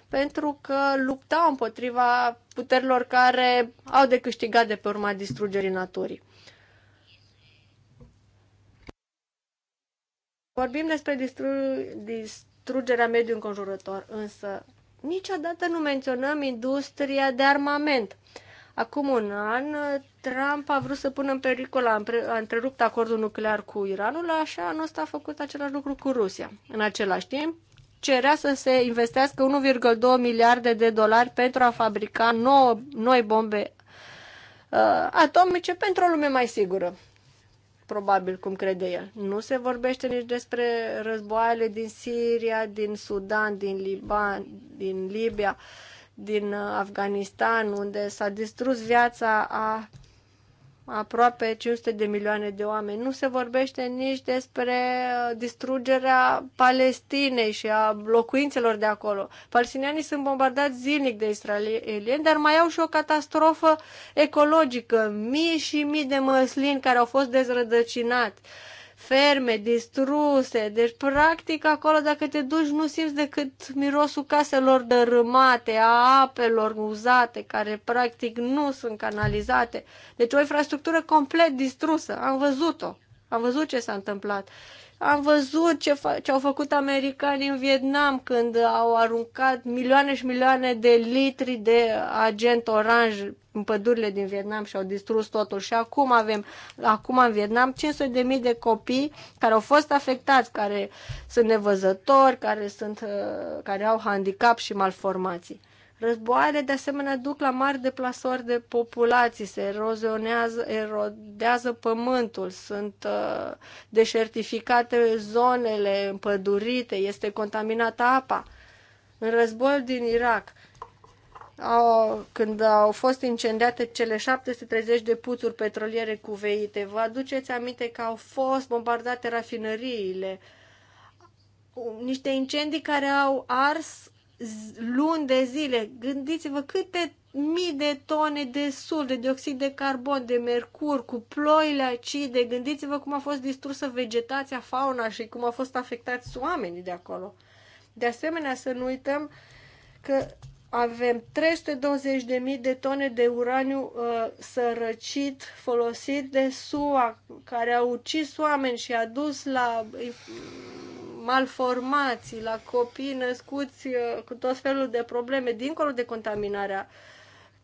pentru că luptau împotriva puterilor care au de câștigat de pe urma distrugerii naturii. Vorbim despre distru- distrugerea mediului înconjurător, însă niciodată nu menționăm industria de armament. Acum un an, Trump a vrut să pună în pericol, a întrerupt acordul nuclear cu Iranul, așa anul ăsta a făcut același lucru cu Rusia. În același timp, cerea să se investească 1,2 miliarde de dolari pentru a fabrica nouă, noi bombe uh, atomice pentru o lume mai sigură probabil cum crede el. Nu se vorbește nici despre războaiele din Siria, din Sudan, din Liban, din Libia, din uh, Afganistan, unde s-a distrus viața a aproape 500 de milioane de oameni. Nu se vorbește nici despre uh, distrugerea Palestinei și a locuințelor de acolo. Palestinianii sunt bombardați zilnic de israelieni, dar mai au și o catastrofă ecologică. Mii și mii de măslini care au fost dezrădăcinați. Uh, ferme distruse, deci practic acolo dacă te duci nu simți decât mirosul caselor dărâmate, a apelor uzate care practic nu sunt canalizate. Deci o infrastructură complet distrusă. Am văzut-o. Am văzut ce s-a întâmplat. Am văzut ce, ce au făcut americanii în Vietnam când au aruncat milioane și milioane de litri de agent oranj în pădurile din Vietnam și au distrus totul. Și acum avem, acum în Vietnam, 500.000 de, de copii care au fost afectați, care sunt nevăzători, care, sunt, uh, care au handicap și malformații. Războaiele, de asemenea, duc la mari deplasări de populații, se erozionează, erodează pământul, sunt uh, deșertificate zonele împădurite, este contaminată apa. În războiul din Irak, au, când au fost incendiate cele 730 de puțuri petroliere cuveite, vă aduceți aminte că au fost bombardate rafinăriile, niște incendii care au ars luni de zile. Gândiți-vă câte mii de tone de sulf, de dioxid de carbon, de mercur, cu ploile acide. Gândiți-vă cum a fost distrusă vegetația, fauna și cum au fost afectați oamenii de acolo. De asemenea, să nu uităm că avem 320.000 de tone de uraniu uh, sărăcit, folosit de SUA, care a ucis oameni și a dus la uh, malformați, la copii născuți uh, cu tot felul de probleme, dincolo de contaminarea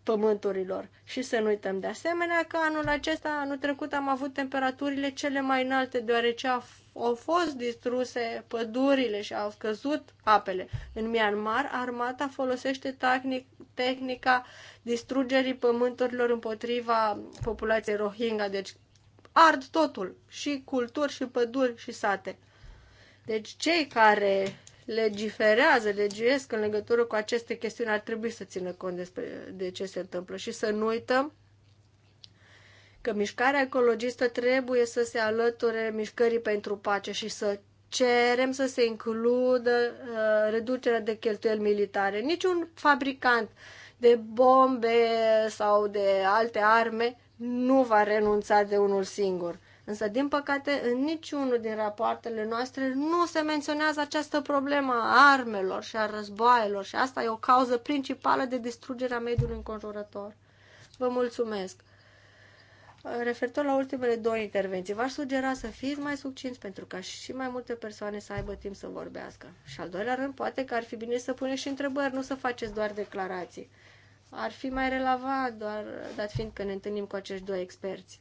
pământurilor. Și să nu uităm de asemenea că anul acesta, anul trecut, am avut temperaturile cele mai înalte, deoarece au fost distruse pădurile și au scăzut apele. În Myanmar, armata folosește tehnic, tehnica distrugerii pământurilor împotriva populației Rohingya, deci ard totul, și culturi, și păduri, și sate. Deci cei care legiferează, legiuiesc în legătură cu aceste chestiuni ar trebui să țină cont despre de ce se întâmplă și să nu uităm că mișcarea ecologistă trebuie să se alăture mișcării pentru pace și să cerem să se includă uh, reducerea de cheltuieli militare. Niciun fabricant de bombe sau de alte arme nu va renunța de unul singur. Însă, din păcate, în niciunul din rapoartele noastre nu se menționează această problemă a armelor și a războaielor și asta e o cauză principală de distrugere a mediului înconjurător. Vă mulțumesc! Referitor la ultimele două intervenții, v-aș sugera să fiți mai succinți pentru ca și mai multe persoane să aibă timp să vorbească. Și al doilea rând, poate că ar fi bine să puneți și întrebări, nu să faceți doar declarații. Ar fi mai relevant, doar dat fiind că ne întâlnim cu acești doi experți.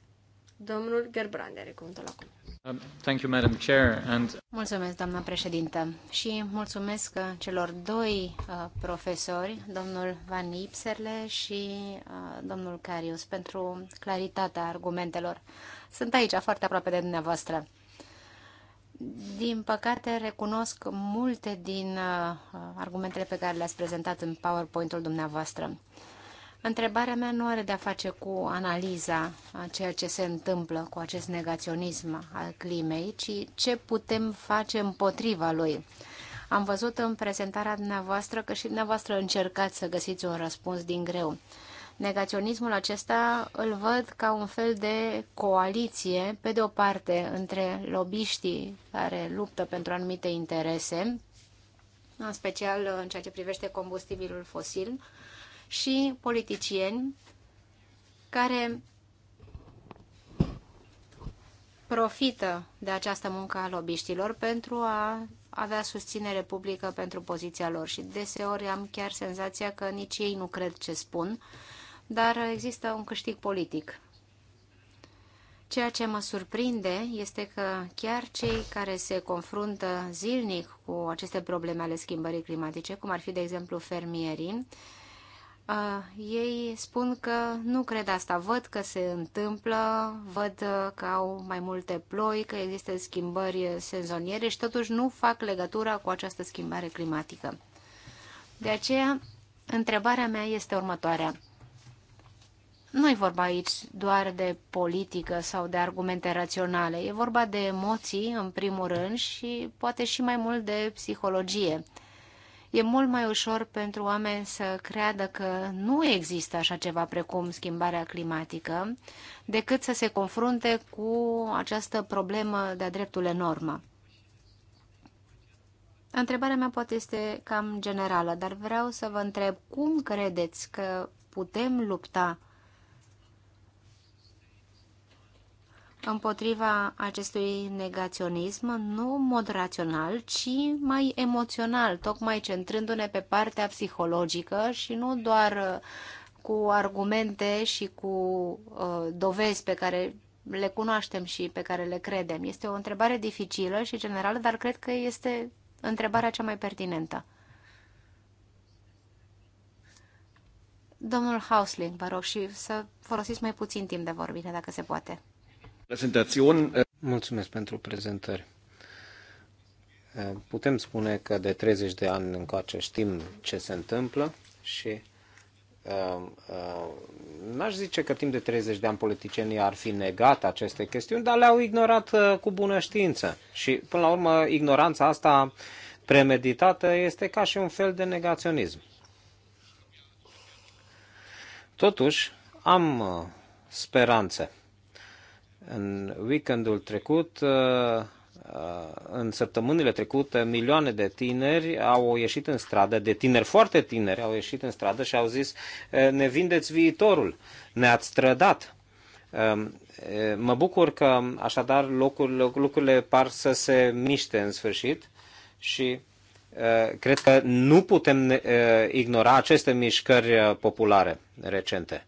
Domnul Gerbrand are cuvântul acum. Um, thank you, Madam Chair, and... Mulțumesc, doamna președintă, și mulțumesc celor doi uh, profesori, domnul Van Ipserle și uh, domnul Carius, pentru claritatea argumentelor. Sunt aici, foarte aproape de dumneavoastră. Din păcate, recunosc multe din uh, argumentele pe care le-ați prezentat în PowerPoint-ul dumneavoastră. Uh, Întrebarea mea nu are de-a face cu analiza a ceea ce se întâmplă cu acest negaționism al climei, ci ce putem face împotriva lui. Am văzut în prezentarea dumneavoastră că și dumneavoastră încercați să găsiți un răspuns din greu. Negaționismul acesta îl văd ca un fel de coaliție, pe de o parte, între lobiștii care luptă pentru anumite interese, în special în ceea ce privește combustibilul fosil, și politicieni care profită de această muncă a lobiștilor pentru a avea susținere publică pentru poziția lor și deseori am chiar senzația că nici ei nu cred ce spun, dar există un câștig politic. Ceea ce mă surprinde este că chiar cei care se confruntă zilnic cu aceste probleme ale schimbării climatice, cum ar fi, de exemplu, fermierii, ei spun că nu cred asta, văd că se întâmplă, văd că au mai multe ploi, că există schimbări sezoniere și totuși nu fac legătura cu această schimbare climatică. De aceea, întrebarea mea este următoarea. Nu e vorba aici doar de politică sau de argumente raționale, e vorba de emoții, în primul rând, și poate și mai mult de psihologie e mult mai ușor pentru oameni să creadă că nu există așa ceva precum schimbarea climatică, decât să se confrunte cu această problemă de-a dreptul enormă. Întrebarea mea poate este cam generală, dar vreau să vă întreb cum credeți că putem lupta împotriva acestui negaționism, nu în mod rațional, ci mai emoțional, tocmai centrându-ne pe partea psihologică și nu doar uh, cu argumente și cu uh, dovezi pe care le cunoaștem și pe care le credem. Este o întrebare dificilă și generală, dar cred că este întrebarea cea mai pertinentă. Domnul Hausling, vă rog, și să folosiți mai puțin timp de vorbire, dacă se poate. Uh, Mulțumesc pentru prezentări. Uh, putem spune că de 30 de ani încoace știm ce se întâmplă și uh, uh, n-aș zice că timp de 30 de ani politicienii ar fi negat aceste chestiuni, dar le-au ignorat uh, cu bună știință. Și până la urmă, ignoranța asta premeditată este ca și un fel de negaționism. Totuși, am uh, speranțe. În weekendul trecut, uh, uh, în săptămânile trecute, milioane de tineri au ieșit în stradă, de tineri foarte tineri au ieșit în stradă și au zis ne vindeți viitorul, ne-ați trădat. Um, mă bucur că așadar locul, lucrurile par să se miște în sfârșit și cred că nu putem ignora aceste mișcări uh, populare recente.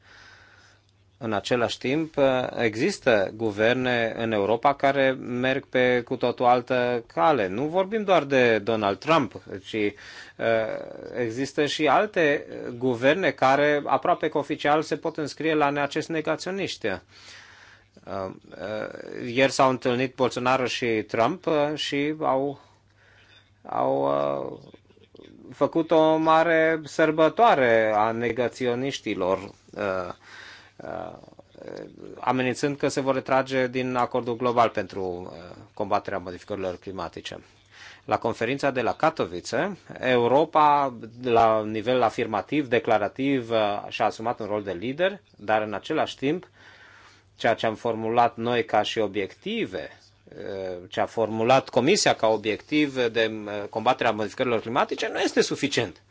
În același timp, există guverne în Europa care merg pe cu totul altă cale. Nu vorbim doar de Donald Trump, ci uh, există și alte guverne care aproape că oficial se pot înscrie la neacest negaționiști. Uh, uh, ieri s-au întâlnit Bolsonaro și Trump și au, au făcut o mare sărbătoare a negaționiștilor Uh, amenințând că se vor retrage din acordul global pentru uh, combaterea modificărilor climatice. La conferința de la Katowice, Europa, la nivel afirmativ, declarativ, uh, și-a asumat un rol de lider, dar în același timp, ceea ce am formulat noi ca și obiective, ce a formulat Comisia ca obiectiv de combaterea modificărilor climatice, nu este suficient.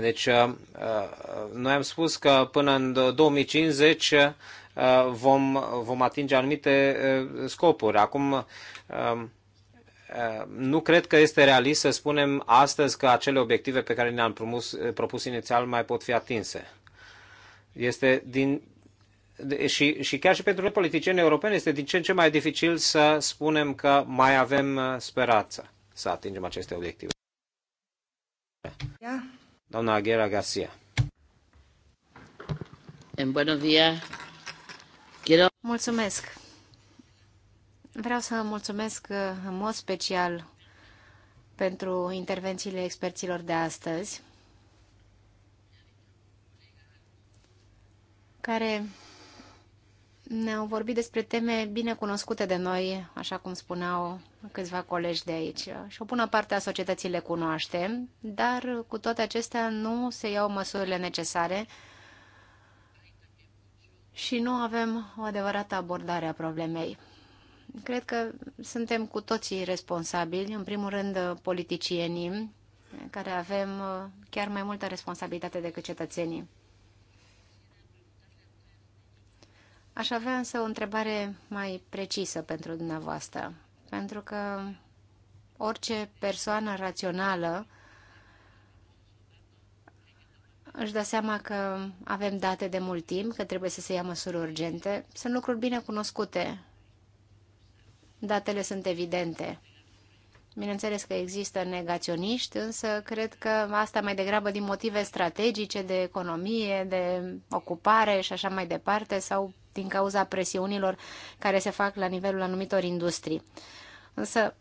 Deci, uh, uh, noi am spus că până în 2050 uh, vom, vom atinge anumite scopuri. Acum, nu cred că este realist să spunem astăzi că acele obiective pe care le-am propus, propus inițial mai pot fi atinse. Este din, și, și chiar și pentru noi politicieni europeni este din ce în ce mai dificil să spunem că mai avem speranță să atingem aceste obiective. Yeah. Doamna Aguera Garcia. În bună via. Mulțumesc. Vreau să mulțumesc uh, în mod special pentru intervențiile experților de astăzi, care ne-au vorbit despre teme bine cunoscute de noi, așa cum spuneau câțiva colegi de aici. Și o bună parte a societății le cunoaște, dar cu toate acestea nu se iau măsurile necesare și nu avem o adevărată abordare a problemei. Cred că suntem cu toții responsabili, în primul rând politicienii, care avem chiar mai multă responsabilitate decât cetățenii. Aș avea însă o întrebare mai precisă pentru dumneavoastră, pentru că orice persoană rațională își dă seama că avem date de mult timp, că trebuie să se ia măsuri urgente. Sunt lucruri bine cunoscute. Datele sunt evidente. Bineînțeles că există negaționiști, însă cred că asta mai degrabă din motive strategice, de economie, de ocupare și așa mai departe, sau din cauza presiunilor care se fac la nivelul anumitor industrii. Însă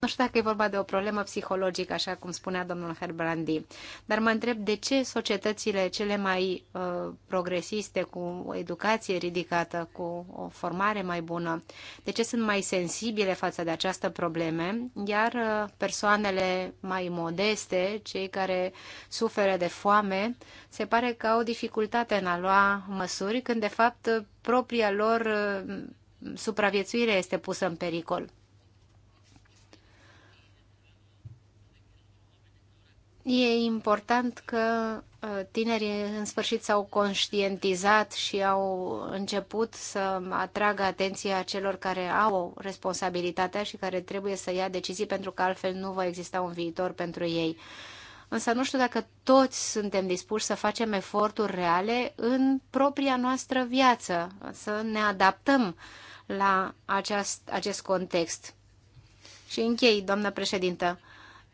Nu știu dacă e vorba de o problemă psihologică, așa cum spunea domnul Herbrandi, dar mă întreb de ce societățile cele mai uh, progresiste, cu o educație ridicată, cu o formare mai bună, de ce sunt mai sensibile față de această probleme, iar uh, persoanele mai modeste, cei care suferă de foame, se pare că au dificultate în a lua măsuri, când de fapt propria lor uh, supraviețuire este pusă în pericol. E important că uh, tinerii în sfârșit s-au conștientizat și au început să atragă atenția celor care au responsabilitatea și care trebuie să ia decizii pentru că altfel nu va exista un viitor pentru ei. Însă nu știu dacă toți suntem dispuși să facem eforturi reale în propria noastră viață, să ne adaptăm la aceast, acest context. Și închei, doamnă președintă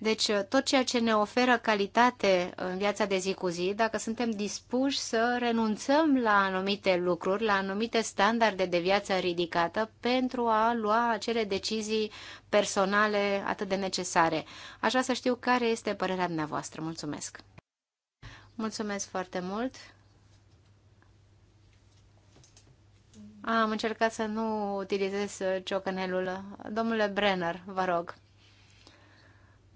deci uh, tot ceea ce ne oferă calitate uh, în viața de zi cu zi, dacă suntem dispuși să renunțăm la anumite lucruri, la anumite standarde de viață ridicată pentru a lua acele decizii personale atât de necesare. Așa să știu care este părerea dumneavoastră. Mulțumesc! Mulțumesc foarte mult! Am încercat să nu utilizez uh, ciocanelul. Domnule Brenner, vă rog.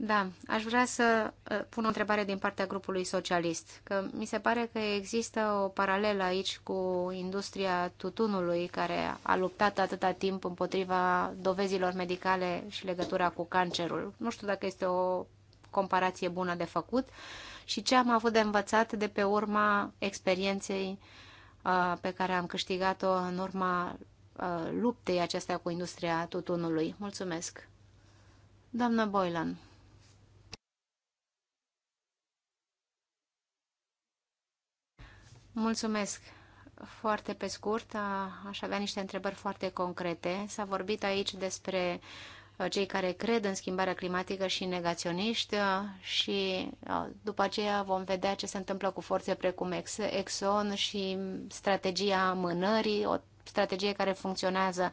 Da, aș vrea să uh, pun o întrebare din partea grupului socialist, că mi se pare că există o paralelă aici cu industria tutunului, care a luptat atâta timp împotriva dovezilor medicale și legătura cu cancerul. Nu știu dacă este o comparație bună de făcut și ce am avut de învățat de pe urma experienței uh, pe care am câștigat-o în urma uh, luptei acestea cu industria tutunului. Mulțumesc! Doamna Boylan. Mulțumesc. Foarte pe scurt, aș avea niște întrebări foarte concrete. S-a vorbit aici despre cei care cred în schimbarea climatică și negaționiști și după aceea vom vedea ce se întâmplă cu forțe precum Exxon și strategia mânării, o strategie care funcționează uh,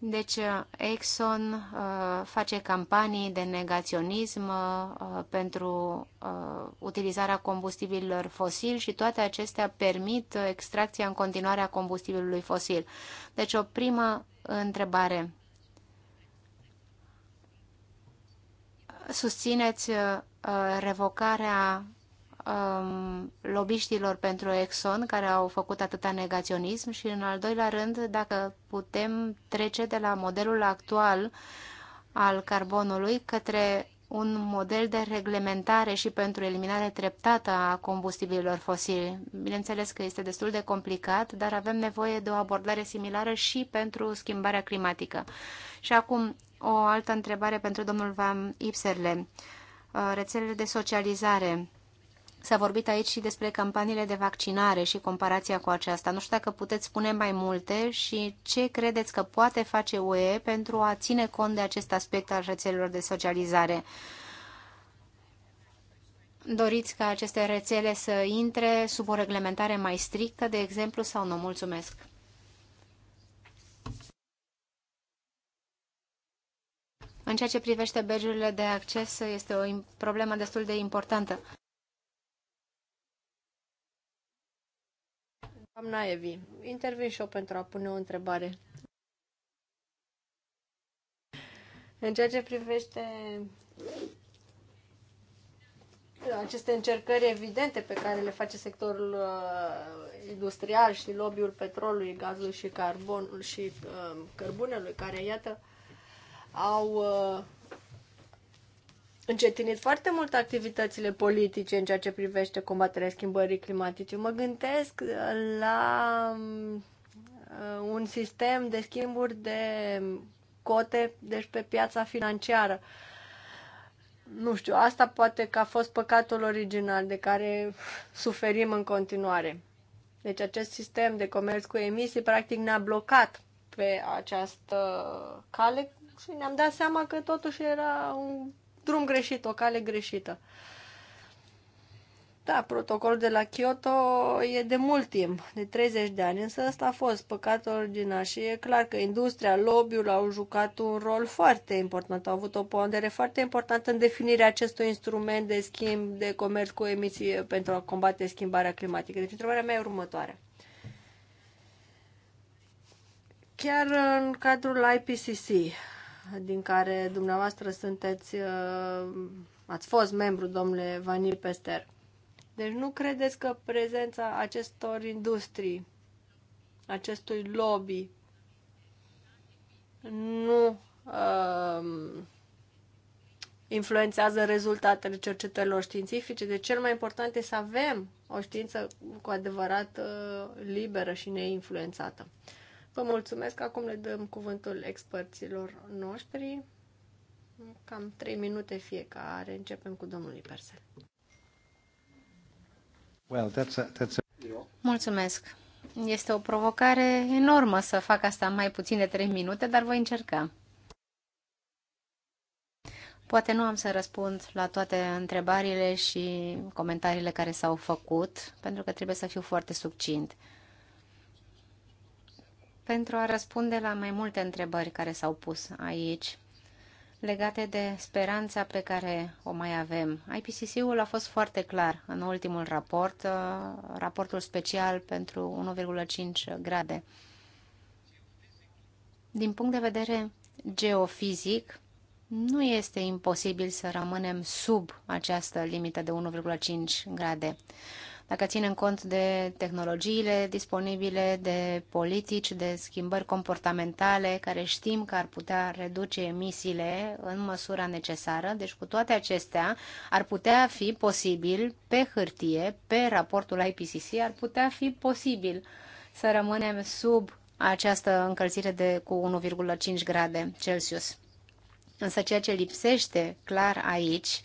deci uh, Exxon uh, face campanii de negaționism uh, pentru uh, utilizarea combustibililor fosili și toate acestea permit extracția în continuare a combustibilului fosil. Deci o primă întrebare. Susțineți uh, revocarea um, lobiștilor pentru Exxon, care au făcut atâta negaționism, și în al doilea rând, dacă putem trece de la modelul actual al carbonului către un model de reglementare și pentru eliminare treptată a combustibililor fosili. Bineînțeles că este destul de complicat, dar avem nevoie de o abordare similară și pentru schimbarea climatică. Și acum o altă întrebare pentru domnul Van Ipserle. Uh, rețelele de socializare S-a vorbit aici și despre campaniile de vaccinare și comparația cu aceasta. Nu știu dacă puteți spune mai multe și ce credeți că poate face UE pentru a ține cont de acest aspect al rețelelor de socializare. Doriți ca aceste rețele să intre sub o reglementare mai strictă, de exemplu, sau nu? Mulțumesc! În ceea ce privește bejurile de acces, este o problemă destul de importantă. Doamna Evi, intervin și eu pentru a pune o întrebare. În ceea ce privește aceste încercări evidente pe care le face sectorul uh, industrial și lobby-ul petrolului, gazului și carbon și uh, cărbunelui, care, iată, au uh, încetinit foarte mult activitățile politice în ceea ce privește combaterea schimbării climatice. Mă gândesc uh, la uh, un sistem de schimburi de cote, deci pe piața financiară. Nu știu, asta poate că a fost păcatul original de care [LAUGHS] suferim în continuare. Deci acest sistem de comerț cu emisii practic ne-a blocat pe această cale și ne-am dat seama că totuși era un drum greșit, o cale greșită. Da, protocolul de la Kyoto e de mult timp, de 30 de ani, însă ăsta a fost păcatul original și e clar că industria, lobby-ul au jucat un rol foarte important, au avut o pondere foarte importantă în definirea acestui instrument de schimb, de comerț cu emisii pentru a combate schimbarea climatică. Deci întrebarea mea e următoare. Chiar în cadrul IPCC, din care dumneavoastră sunteți, uh, ați fost membru, domnule Vanil Pester. Deci nu credeți că prezența acestor industrii, acestui lobby, nu uh, influențează rezultatele cercetărilor științifice. Deci cel mai important este să avem o știință cu adevărat uh, liberă și neinfluențată. Vă mulțumesc. Acum le dăm cuvântul experților noștri. Cam 3 minute fiecare. Începem cu domnul Ipersel. Well, that's a, that's a... Mulțumesc. Este o provocare enormă să fac asta mai puțin de 3 minute, dar voi încerca. Poate nu am să răspund la toate întrebările și comentariile care s-au făcut, pentru că trebuie să fiu foarte succint. Uh, pentru a răspunde la mai multe întrebări care s-au pus aici legate de speranța pe care o mai avem. IPCC-ul a fost foarte clar în ultimul raport, uh, raportul special pentru 1,5 grade. Din punct de vedere geofizic, nu este imposibil să rămânem sub această limită de 1,5 grade dacă ținem cont de tehnologiile disponibile, de politici, de schimbări comportamentale, care știm că ar putea reduce emisiile în măsura necesară. Deci cu toate acestea ar putea fi posibil pe hârtie, pe raportul IPCC, ar putea fi posibil să rămânem sub această încălzire de cu 1,5 grade Celsius. Însă ceea ce lipsește clar aici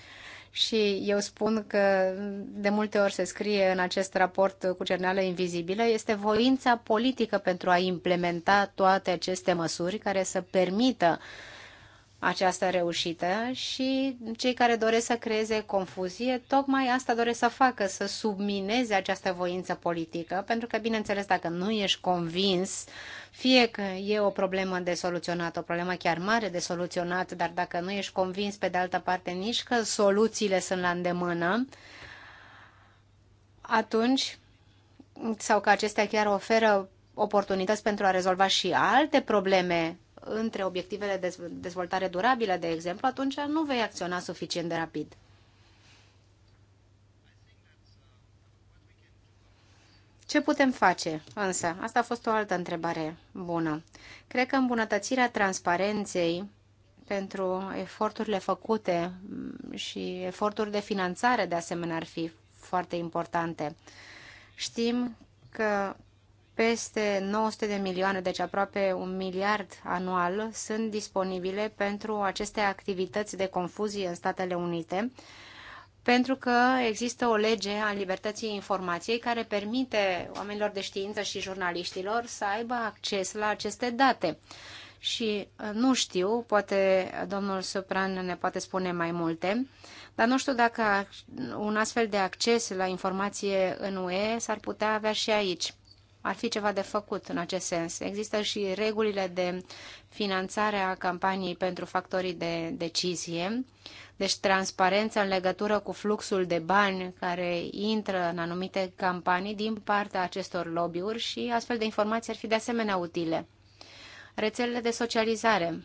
și eu spun că de multe ori se scrie în acest raport cu cerneală invizibilă, este voința politică pentru a implementa toate aceste măsuri care să permită uh, această reușită și cei care doresc să creeze confuzie, tocmai asta doresc să facă, să submineze această voință politică, pentru că, bineînțeles, dacă nu ești convins, fie că e o problemă de soluționat, o problemă chiar mare de soluționat, dar dacă nu ești convins, pe de altă parte, nici că soluțiile sunt la îndemână, atunci, sau că acestea chiar oferă oportunități pentru a rezolva și alte probleme între obiectivele de dezvoltare durabilă, de exemplu, atunci nu vei acționa suficient de rapid. Ce putem face? Însă, asta a fost o altă întrebare bună. Cred că îmbunătățirea transparenței pentru eforturile făcute mm, și eforturi de finanțare, de asemenea, ar fi foarte importante. Știm că peste 900 de milioane, deci aproape un miliard anual, sunt disponibile pentru aceste activități de confuzie în Statele Unite, pentru că există o lege a libertății informației care permite oamenilor de știință și jurnaliștilor să aibă acces la aceste date. Și uh, nu știu, poate domnul Supran ne poate spune mai multe, dar nu știu dacă un astfel de acces la informație în UE s-ar putea avea și aici ar fi ceva de făcut în acest sens. Există și regulile de finanțare a campaniei pentru factorii de decizie, deci transparența în legătură cu fluxul de bani care intră în anumite campanii din partea acestor lobby-uri și astfel de informații ar fi de asemenea utile. Rețelele de socializare.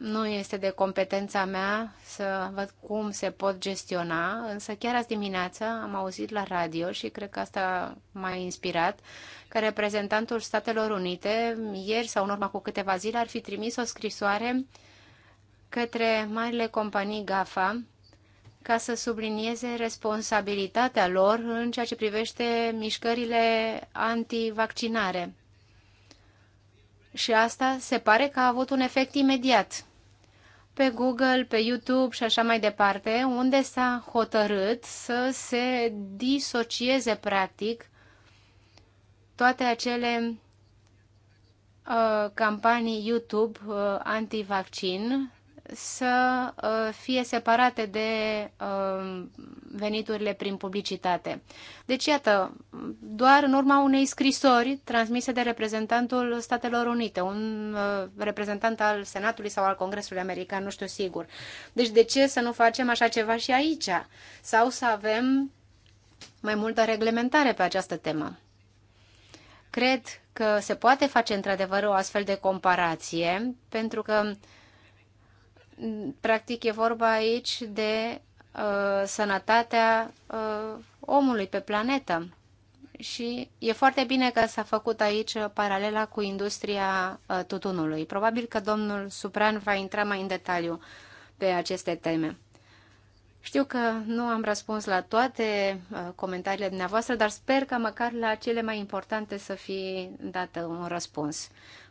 Nu este de competența mea să văd cum se pot gestiona, însă chiar azi dimineață am auzit la radio și cred că asta m-a inspirat, că reprezentantul Statelor Unite ieri sau în urma cu câteva zile ar fi trimis o scrisoare către marile companii GAFA ca să sublinieze responsabilitatea lor în ceea ce privește mișcările antivaccinare. Și asta se pare că a avut un efect imediat pe Google, pe YouTube și așa mai departe, unde s-a hotărât să se disocieze practic toate acele uh, campanii YouTube uh, antivaccin să uh, fie separate de uh, veniturile prin publicitate. Deci, iată, doar în urma unei scrisori transmise de reprezentantul Statelor Unite, un uh, reprezentant al Senatului sau al Congresului American, nu știu sigur. Deci, de ce să nu facem așa ceva și aici? Sau să avem mai multă reglementare pe această temă? Cred că se poate face într-adevăr o astfel de comparație, pentru că uh, Practic e vorba aici de uh, sănătatea uh, omului pe planetă. Și e foarte bine că s-a făcut aici paralela cu industria uh, tutunului. Probabil că domnul Supran va intra mai în detaliu pe aceste teme. Știu că nu am răspuns la toate uh, comentariile dumneavoastră, dar sper că măcar la cele mai importante să fie dată un răspuns.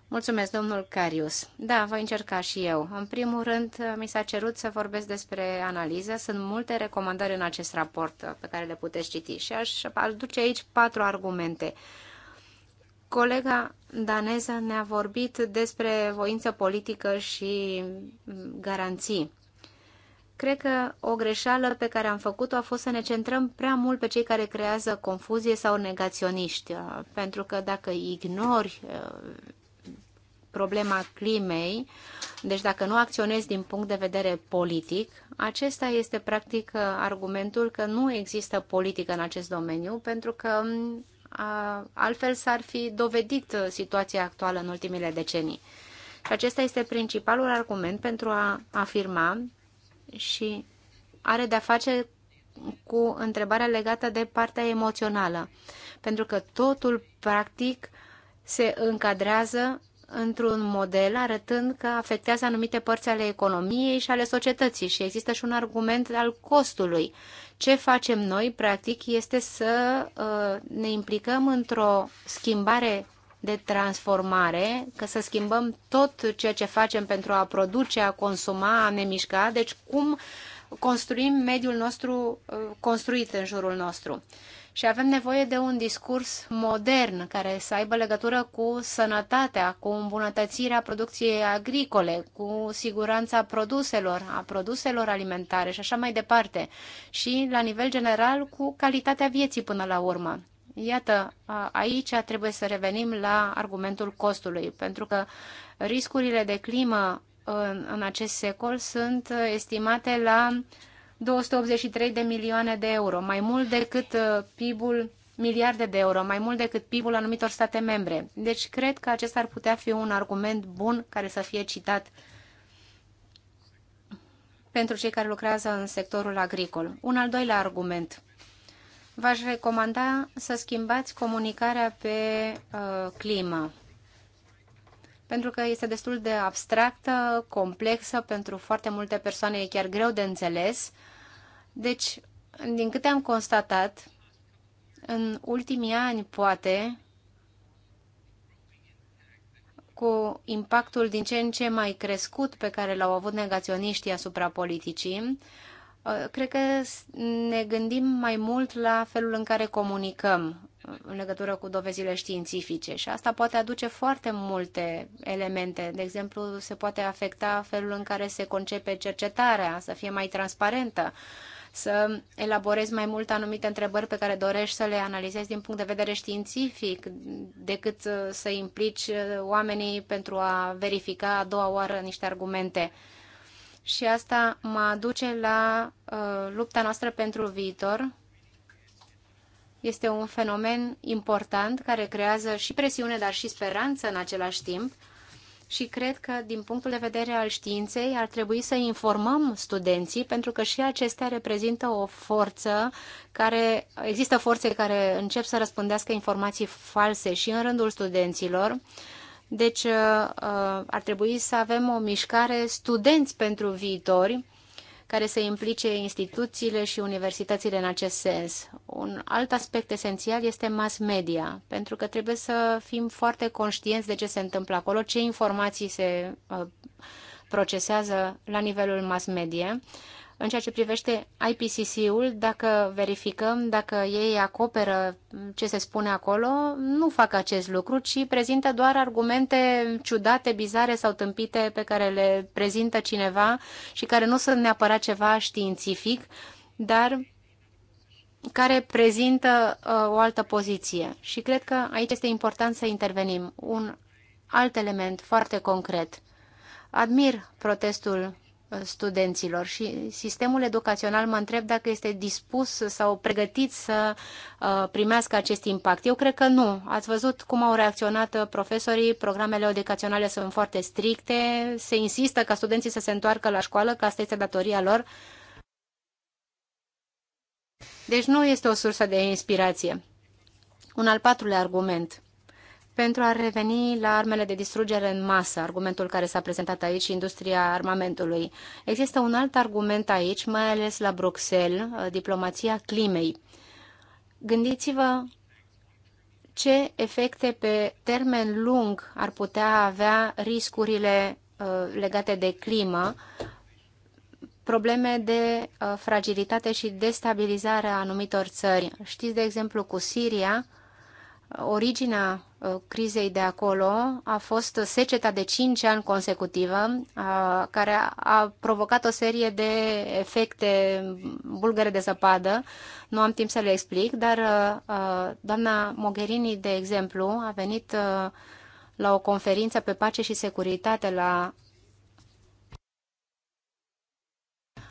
Mulțumesc, domnul Carius. Da, voi încerca și eu. În primul rând, mi s-a cerut să vorbesc despre analiză. Sunt multe recomandări în acest raport uh, pe care le puteți citi și aș aduce aici patru argumente. Colega daneză ne-a vorbit despre voință politică și mm, garanții. Cred că o greșeală pe care am făcut-o a fost să ne centrăm prea mult pe cei care creează confuzie sau negaționiști, uh, pentru că dacă ignori uh, problema climei, deci dacă nu acționezi din punct de vedere politic, acesta este practic argumentul că nu există politică în acest domeniu, pentru că altfel s-ar fi dovedit situația actuală în ultimile decenii. Și acesta este principalul argument pentru a afirma și are de-a face cu întrebarea legată de partea emoțională. Pentru că totul, practic, se încadrează într-un model arătând că afectează anumite părți ale economiei și ale societății și există și un argument al costului. Ce facem noi, practic, este să uh, ne implicăm într-o schimbare de transformare, că să schimbăm tot ceea ce facem pentru a produce, a consuma, a ne mișca, deci cum construim mediul nostru uh, construit în jurul nostru și avem nevoie de un discurs modern care să aibă legătură cu sănătatea, cu îmbunătățirea producției agricole, cu siguranța produselor, a produselor alimentare și așa mai departe și, la nivel general, cu calitatea vieții până la urmă. Iată, aici trebuie să revenim la argumentul costului, pentru că riscurile de climă în, în acest secol sunt uh, estimate la 283 de milioane de euro, mai mult decât uh, PIB-ul miliarde de euro, mai mult decât PIB-ul anumitor state membre. Deci cred că acesta ar putea fi un argument bun care să fie citat pentru cei care lucrează în sectorul agricol. Un al doilea argument. V-aș recomanda să schimbați comunicarea pe uh, climă pentru că este destul de abstractă, complexă, pentru foarte multe persoane e chiar greu de înțeles. Deci, din câte am constatat, în ultimii ani, poate, cu impactul din ce în ce mai crescut pe care l-au avut negaționiștii asupra politicii, uh, cred că ne gândim mai mult la felul în care comunicăm în legătură cu dovezile științifice și asta poate aduce foarte multe elemente. De exemplu, se poate afecta felul în care se concepe cercetarea, să fie mai transparentă, să elaborezi mai mult anumite întrebări pe care dorești să le analizezi din punct de vedere științific, decât uh, să implici uh, oamenii pentru a verifica a doua oară niște argumente și asta mă aduce la uh, lupta noastră pentru viitor este un fenomen important care creează și presiune, dar și speranță în același timp și cred că, din punctul de vedere al științei, ar trebui să informăm studenții, pentru că și acestea reprezintă o forță care, există forțe care încep să răspândească informații false și în rândul studenților, deci uh, ar trebui să avem o mișcare studenți pentru viitori, care să implice instituțiile și universitățile în acest sens. Un alt aspect esențial este mass media, pentru că trebuie să fim foarte conștienți de ce se întâmplă acolo, ce informații se uh, procesează la nivelul mass media în ceea ce privește IPCC-ul, dacă verificăm dacă ei acoperă ce se spune acolo, nu fac acest lucru, ci prezintă doar argumente ciudate, bizare sau tâmpite pe care le prezintă cineva și care nu sunt neapărat ceva științific, dar care prezintă uh, o altă poziție. Și cred că aici este important să intervenim. Un alt element foarte concret. Admir protestul studenților și sistemul educațional mă întreb dacă este dispus sau pregătit să uh, primească acest impact. Eu cred că nu. Ați văzut cum au reacționat uh, profesorii, programele educaționale sunt foarte stricte, se insistă ca studenții să se întoarcă la școală, că asta este datoria lor. Deci nu este o sursă de inspirație. Un al patrulea argument – pentru a reveni la armele de distrugere în masă, argumentul care s-a prezentat aici, industria armamentului. Există un alt argument aici, mai ales la Bruxelles, uh, diplomația climei. Gândiți-vă ce efecte pe termen lung ar putea avea riscurile uh, legate de climă, probleme de uh, fragilitate și destabilizare a anumitor țări. Știți, de exemplu, cu Siria, Originea uh, crizei de acolo a fost seceta de 5 ani consecutivă, uh, care a provocat o serie de efecte bulgare de zăpadă. Nu am timp să le explic, dar uh, doamna Mogherini, de exemplu, a venit la o conferință pe pace și securitate la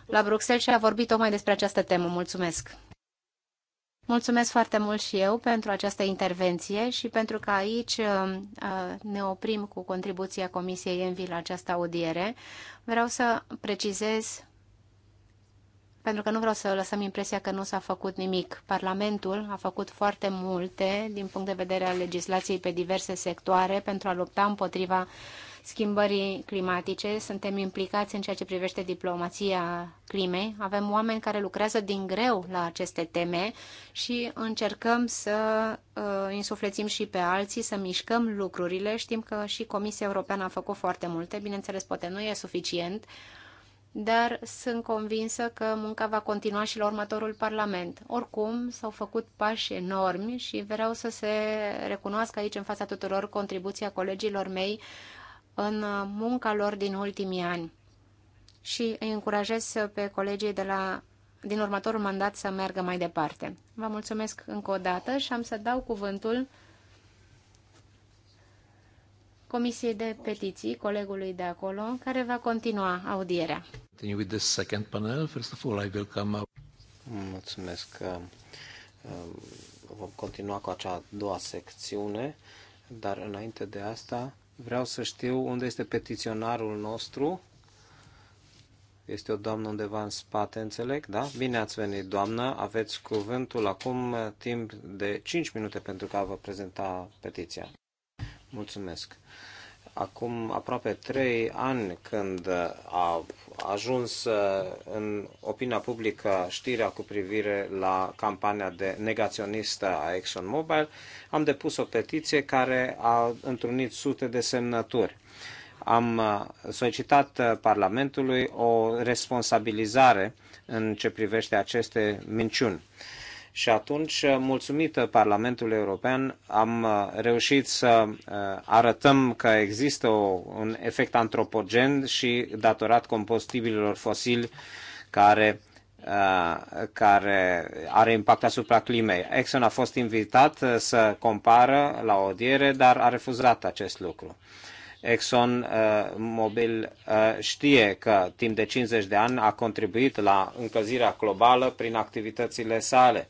la Bruxelles și a vorbit tocmai despre această temă. Mulțumesc! Mulțumesc foarte mult și eu pentru această intervenție și pentru că aici uh, uh, ne oprim cu contribuția Comisiei Envi la această audiere. Vreau să precizez, pentru că nu vreau să lăsăm impresia că nu s-a făcut nimic. Parlamentul a făcut foarte multe din punct de vedere al legislației pe diverse sectoare pentru a lupta împotriva schimbării climatice, suntem implicați în ceea ce privește diplomația climei, avem oameni care lucrează din greu la aceste teme și încercăm să uh, insuflețim și pe alții, să mișcăm lucrurile. Știm că și Comisia Europeană a făcut foarte multe, bineînțeles, poate nu e suficient, dar sunt convinsă că munca va continua și la următorul Parlament. Oricum, s-au făcut pași enormi și vreau să se recunoască aici, în fața tuturor, contribuția colegilor mei în uh, munca lor din ultimii ani. Și îi încurajez pe colegii de la, din următorul mandat să meargă mai departe. Vă mulțumesc încă o dată și am să dau cuvântul Comisiei de Petiții, colegului de acolo, care va continua audierea. With the panel. Mulțumesc. Uh, uh, vom continua cu acea a doua secțiune, dar înainte de asta Vreau să știu unde este petiționarul nostru. Este o doamnă undeva în spate, înțeleg, da? Bine ați venit, doamnă. Aveți cuvântul acum uh, timp de 5 minute pentru că a vă prezenta petiția. Mulțumesc. Acum aproape 3 ani când uh, a ajuns uh, în opinia publică știrea cu privire la campania de negaționistă a ExxonMobil, am depus o petiție care a întrunit sute de semnături. Am uh, solicitat uh, Parlamentului o responsabilizare în ce privește aceste minciuni. Și atunci, eh, mulțumită Parlamentului European, am eh, reușit să eh, arătăm că există o, un efect antropogen și datorat compostibililor fosili care care are impact asupra climei. Exxon a fost invitat să compară la audiere, dar a refuzat acest lucru. Exxon uh, Mobil uh, știe că timp de 50 de ani a contribuit la încălzirea globală prin activitățile sale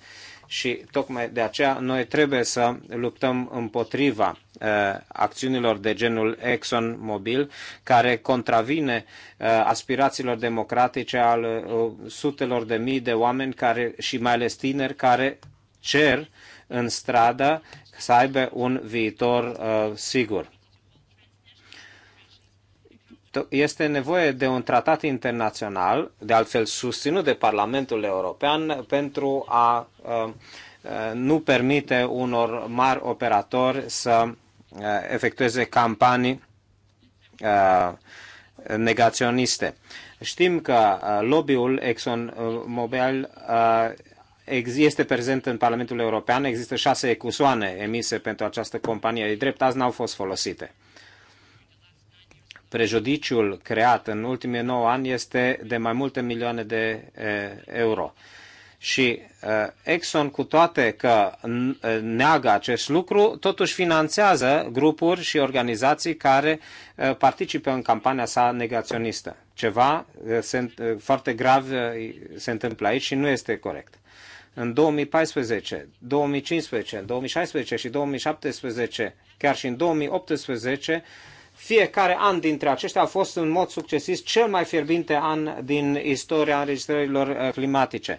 și tocmai de aceea noi trebuie să luptăm împotriva uh, acțiunilor de genul Exxon Mobil, care contravine uh, aspirațiilor democratice al uh, sutelor de mii de oameni care, și mai ales tineri care cer în stradă să aibă un viitor uh, sigur este nevoie de un tratat internațional, de altfel susținut de Parlamentul European, pentru a uh, uh, nu permite unor mari operatori să uh, efectueze campanii negaționiste. Știm că lobby-ul ExxonMobil este prezent în Parlamentul European, există șase ecusoane emise pentru această companie de drept, azi n-au fost folosite prejudiciul creat în ultimii 9 ani este de mai multe milioane de euro. Și Exxon, cu toate că neagă acest lucru, totuși finanțează grupuri și organizații care participă în campania sa negaționistă. Ceva se, foarte grav se întâmplă aici și nu este corect. În 2014, 2015, 2016 și 2017, chiar și în 2018, fiecare an dintre aceștia a fost în mod succesiv cel mai fierbinte an din istoria înregistrărilor uh, climatice.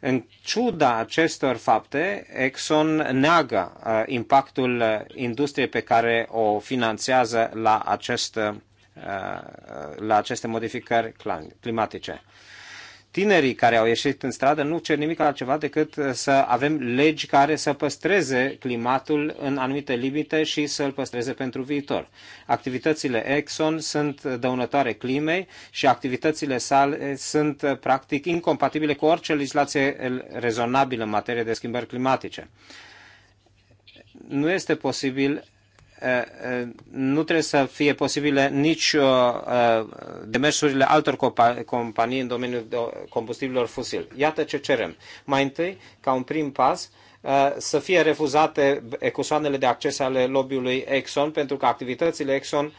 În ciuda acestor fapte, Exxon neagă uh, impactul uh, industriei pe care o finanțează la, acest, la aceste modificări climatice tinerii care au ieșit în stradă nu cer nimic altceva decât uh, să avem legi care să păstreze climatul în anumite limite și să îl păstreze pentru viitor. Activitățile Exxon sunt dăunătoare climei și activitățile sale sunt uh, practic incompatibile cu orice legislație uh, rezonabilă în materie de schimbări climatice. Nu este posibil Eh, eh, nu trebuie să fie posibile nici uh, uh, demersurile altor companii în domeniul combustibilor fosili. Iată ce cerem. Mai întâi, ca un prim pas, uh, să fie refuzate ecusoanele de acces ale lobby-ului Exxon, pentru că activitățile Exxon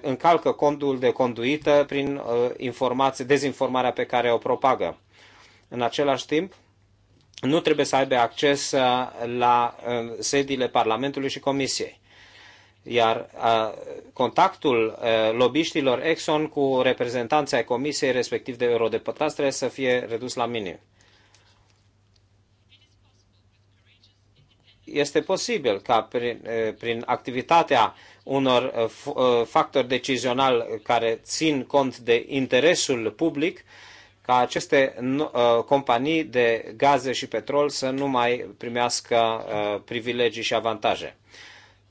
încalcă condul de conduită prin informații, dezinformarea pe care o propagă. În același timp, nu trebuie să aibă acces la sediile Parlamentului și Comisiei iar a, contactul a, lobiștilor Exxon cu reprezentanții ai comisiei, respectiv de eurodeputați, trebuie să fie redus la minim. Este posibil ca prin, prin activitatea unor factori decizionali care țin cont de interesul public, ca aceste companii de gaze și petrol să nu mai primească privilegii și avantaje.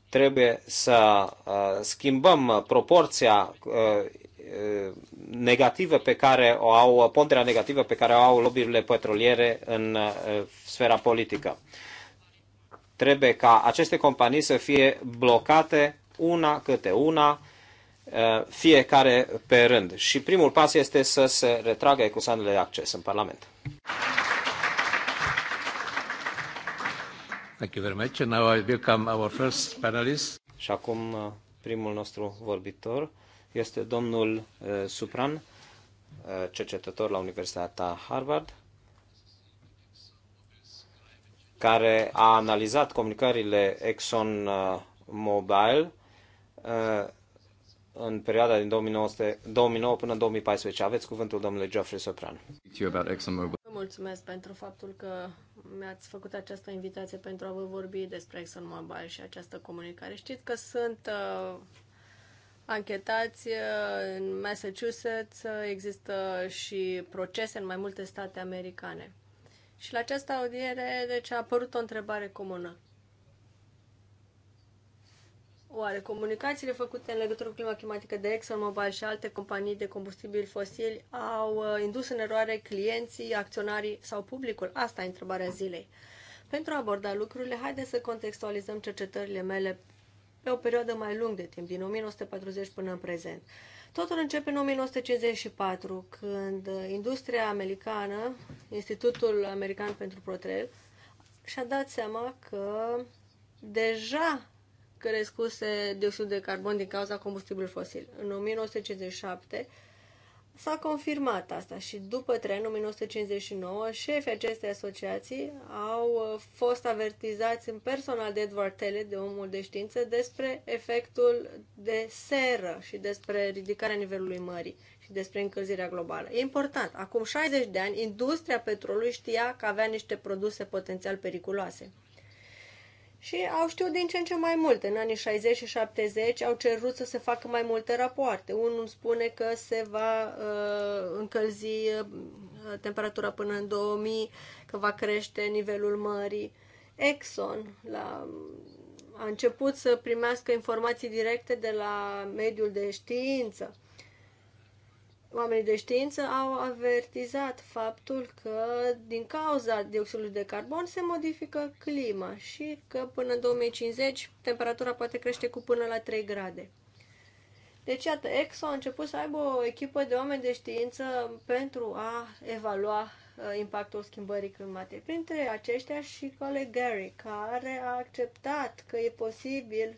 Trebuie să uh, schimbăm uh, proporția uh, negativă pe care o au, ponderea negativă pe care o au lobbyurile petroliere în sfera politică. Trebuie ca aceste companii să fie blocate una câte una, fiecare pe rând. Și primul pas este să se retragă ecusanele de acces în Parlament. Thank you very much. And now I welcome our first panelist. Și acum uh, primul nostru vorbitor este domnul uh, Supran, uh, cercetător la Universitatea Harvard, care a analizat comunicările Exxon Mobil în perioada din 2009, 2009 până în 2014. Aveți cuvântul domnului Geoffrey Sopran. Vă mulțumesc pentru faptul că mi-ați făcut această invitație pentru a vă vorbi despre ExxonMobil și această comunicare. Știți că sunt uh, anchetați uh, în Massachusetts, uh, există și procese în mai multe state americane. Și la această audiere deci, a apărut o întrebare comună. Oare comunicațiile făcute în legătură cu clima climatică de ExxonMobil și alte companii de combustibili fosili au uh, indus în eroare clienții, acționarii sau publicul? Asta e întrebarea zilei. Pentru a aborda lucrurile, haideți să contextualizăm cercetările mele pe o perioadă mai lungă de timp, din 1940 până în prezent. Totul începe în 1954, când industria americană, Institutul American pentru Protrel, și-a dat seama că deja crescuse dioxidul de carbon din cauza combustibilului fosil. În 1957 s-a confirmat asta și după ani, în 1959, șefii acestei asociații au uh, fost avertizați în personal de Edward Tele, de omul de știință, despre efectul de seră și despre ridicarea nivelului mării și despre încălzirea globală. E important. Acum 60 de ani, industria petrolului știa că avea niște produse potențial periculoase și au știut din ce în ce mai multe. În anii 60 și 70 au cerut să se facă mai multe rapoarte. Unul spune că se va uh, încălzi uh, temperatura până în 2000, că va crește nivelul mării. Exxon la, a început să primească informații directe de la mediul de știință Oamenii de știință au avertizat faptul că din cauza dioxidului de carbon se modifică clima și că până în 2050 temperatura poate crește cu până la 3 grade. Deci, iată, EXO a început să aibă o echipă de oameni de știință pentru a evalua uh, impactul schimbării climatice. Printre aceștia și coleg Gary, care a acceptat că e posibil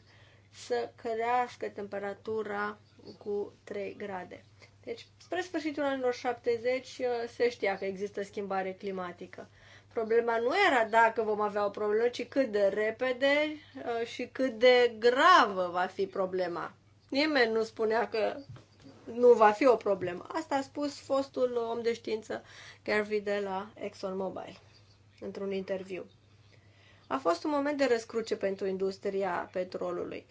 să crească temperatura cu 3 grade. Deci, spre sfârșitul anilor 70 uh, se știa că există schimbare climatică. Problema nu era dacă vom avea o problemă, ci cât de repede uh, și cât de gravă va fi problema. Nimeni nu spunea că nu va fi o problemă. Asta a spus fostul om de știință Garvey de la ExxonMobil într-un interviu. A fost un moment de răscruce pentru industria petrolului.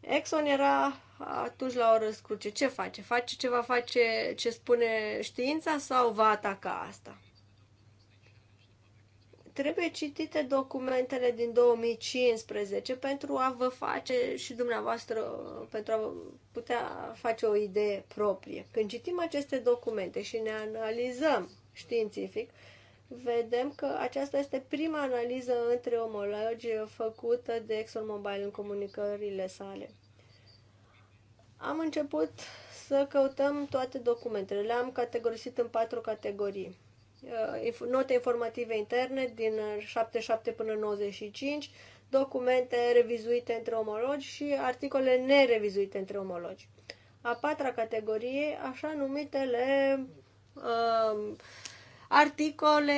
Exxon era atunci la o răscruce, ce face? Face ce va face ce spune știința sau va ataca asta? Trebuie citite documentele din 2015 pentru a vă face și dumneavoastră, pentru a putea face o idee proprie. Când citim aceste documente și ne analizăm științific, vedem că aceasta este prima analiză între omologi făcută de ExxonMobil în comunicările sale am început să căutăm toate documentele. Le-am categorisit în patru categorii. Uh, note informative interne din 77 până 95, documente revizuite între omologi și articole nerevizuite între omologi. A patra categorie, așa numitele uh, articole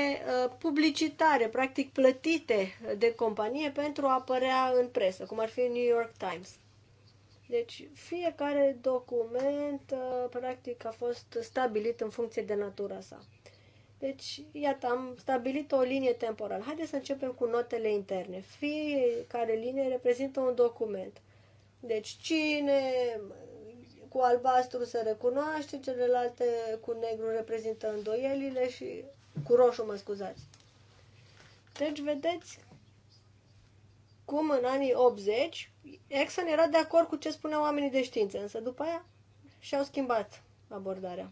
uh, publicitare, practic plătite de companie pentru a apărea în presă, cum ar fi New York Times. Deci fiecare document uh, practic a fost stabilit în funcție de natura sa. Deci, iată, am stabilit o linie temporală. Haideți să începem cu notele interne. Fiecare linie reprezintă un document. Deci cine cu albastru se recunoaște, celelalte cu negru reprezintă îndoielile și cu roșu, mă scuzați. Deci vedeți cum în anii 80 Exxon era de acord cu ce spuneau oamenii de știință, însă după aia și-au schimbat abordarea.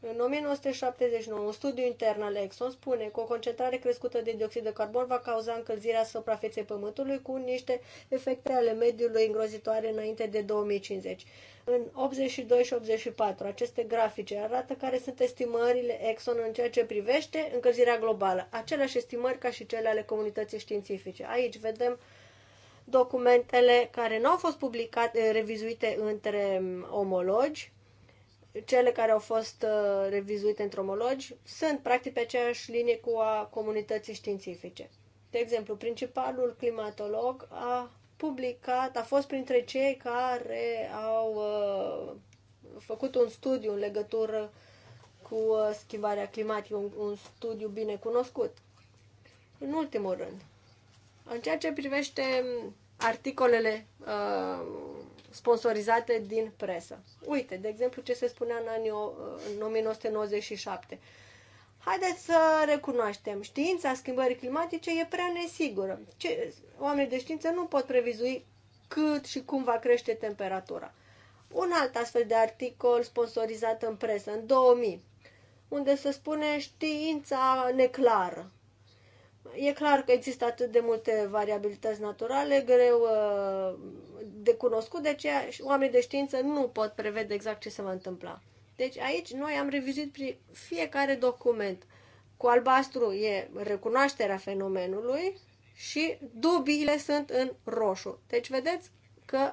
În 1979, un studiu intern al Exxon spune că o concentrare crescută de dioxid de carbon va cauza încălzirea suprafeței Pământului cu niște efecte ale mediului îngrozitoare înainte de 2050. În 82 și 84, aceste grafice arată care sunt estimările Exxon în ceea ce privește încălzirea globală, aceleași estimări ca și cele ale comunității științifice. Aici vedem uh, documentele care nu au fost publicate, revizuite între um, omologi, cele care au fost uh, revizuite între omologi, sunt practic pe aceeași linie cu a comunității științifice. De exemplu, principalul climatolog a publicat, a fost printre cei care au uh, făcut un studiu în legătură cu uh, schimbarea climatică, un, un studiu bine cunoscut. În ultimul rând, în ceea ce privește articolele uh, sponsorizate din presă. Uite, de exemplu, ce se spunea în anii uh, 1997. Haideți să recunoaștem, știința schimbării climatice e prea nesigură. Ce, oamenii de știință nu pot previzui cât și cum va crește temperatura. Un alt astfel de articol sponsorizat în presă, în 2000, unde se spune știința neclară. E clar că există atât de multe variabilități naturale, greu uh, de cunoscut, de aceea oamenii de știință nu pot prevede exact ce se va întâmpla. Deci aici noi am prin fiecare document. Cu albastru e recunoașterea fenomenului și dubiile sunt în roșu. Deci vedeți că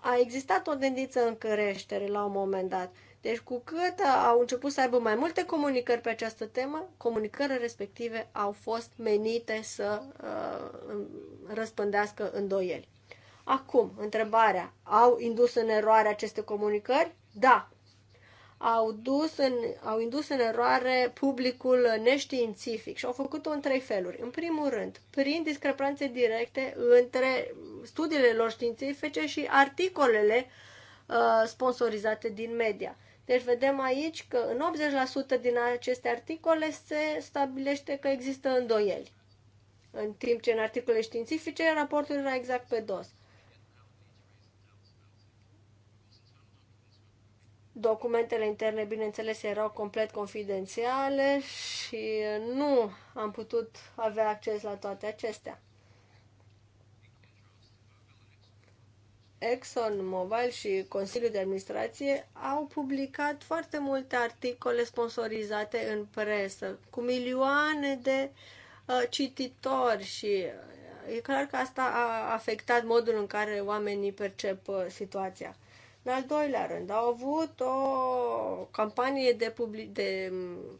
a existat o tendință în creștere la un moment dat. Deci cu cât uh, au început să aibă mai multe comunicări pe această temă, comunicările respective au fost menite să uh, răspândească îndoieli. Acum, întrebarea, au indus în eroare aceste comunicări? Da. Au, dus în, au indus în eroare publicul neștiințific și au făcut-o în trei feluri. În primul rând, prin discrepanțe directe între studiile lor științifice și articolele uh, sponsorizate din media. Deci vedem aici că în 80% din aceste articole se stabilește că există îndoieli. În timp ce în articole științifice raportul era exact pe dos. Documentele interne, bineînțeles, erau complet confidențiale și nu am putut avea acces la toate acestea. Exxon Mobil și Consiliul de Administrație au publicat foarte multe articole sponsorizate în presă, cu milioane de uh, cititori și uh, e clar că asta a afectat modul în care oamenii percep uh, situația. În al doilea rând, au avut o campanie de, public, de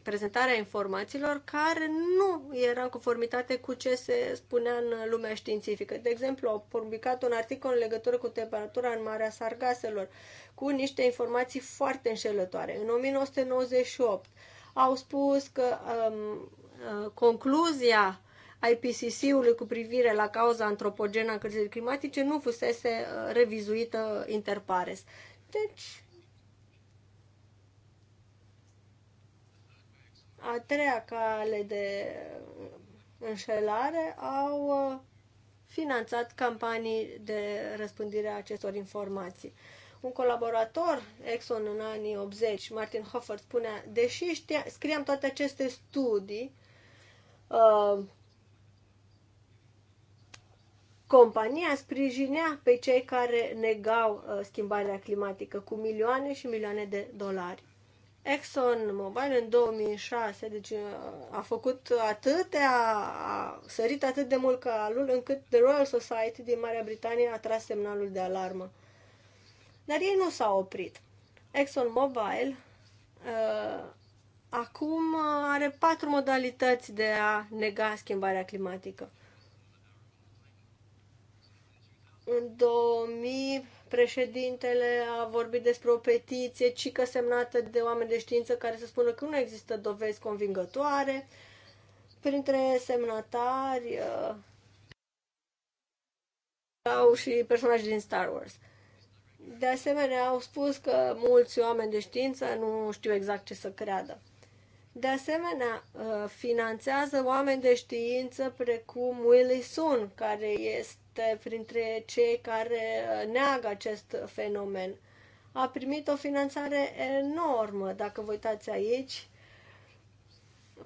prezentare a informațiilor care nu era în conformitate cu ce se spunea în lumea științifică. De exemplu, au publicat un articol în legătură cu temperatura în Marea Sargaselor, cu niște informații foarte înșelătoare. În 1998 au spus că um, uh, concluzia IPCC-ului cu privire la cauza antropogenă a crizei climatice nu fusese uh, revizuită interpares. Deci, a treia cale de uh, înșelare au uh, finanțat campanii de răspândire a acestor informații. Un colaborator Exxon în anii 80, Martin Hoffert, spunea, deși știa, scriam toate aceste studii uh, compania sprijinea pe cei care negau uh, schimbarea climatică cu milioane și milioane de dolari. Exxon Mobil în 2006 deci uh, a făcut atâtea, a sărit atât de mult calul încât The Royal Society din Marea Britanie a tras semnalul de alarmă. Dar ei nu s-au oprit. Exxon Mobil uh, acum are patru modalități de a nega schimbarea climatică. În 2000, președintele a vorbit despre o petiție cică semnată de oameni de știință care să spună că nu există dovezi convingătoare. Printre semnatari uh, au și personaje din Star Wars. De asemenea, au spus că mulți oameni de știință nu știu exact ce să creadă. De asemenea, uh, finanțează oameni de știință precum Willy Sun, care este este printre cei care neagă acest fenomen. A primit o finanțare enormă, dacă vă uitați aici,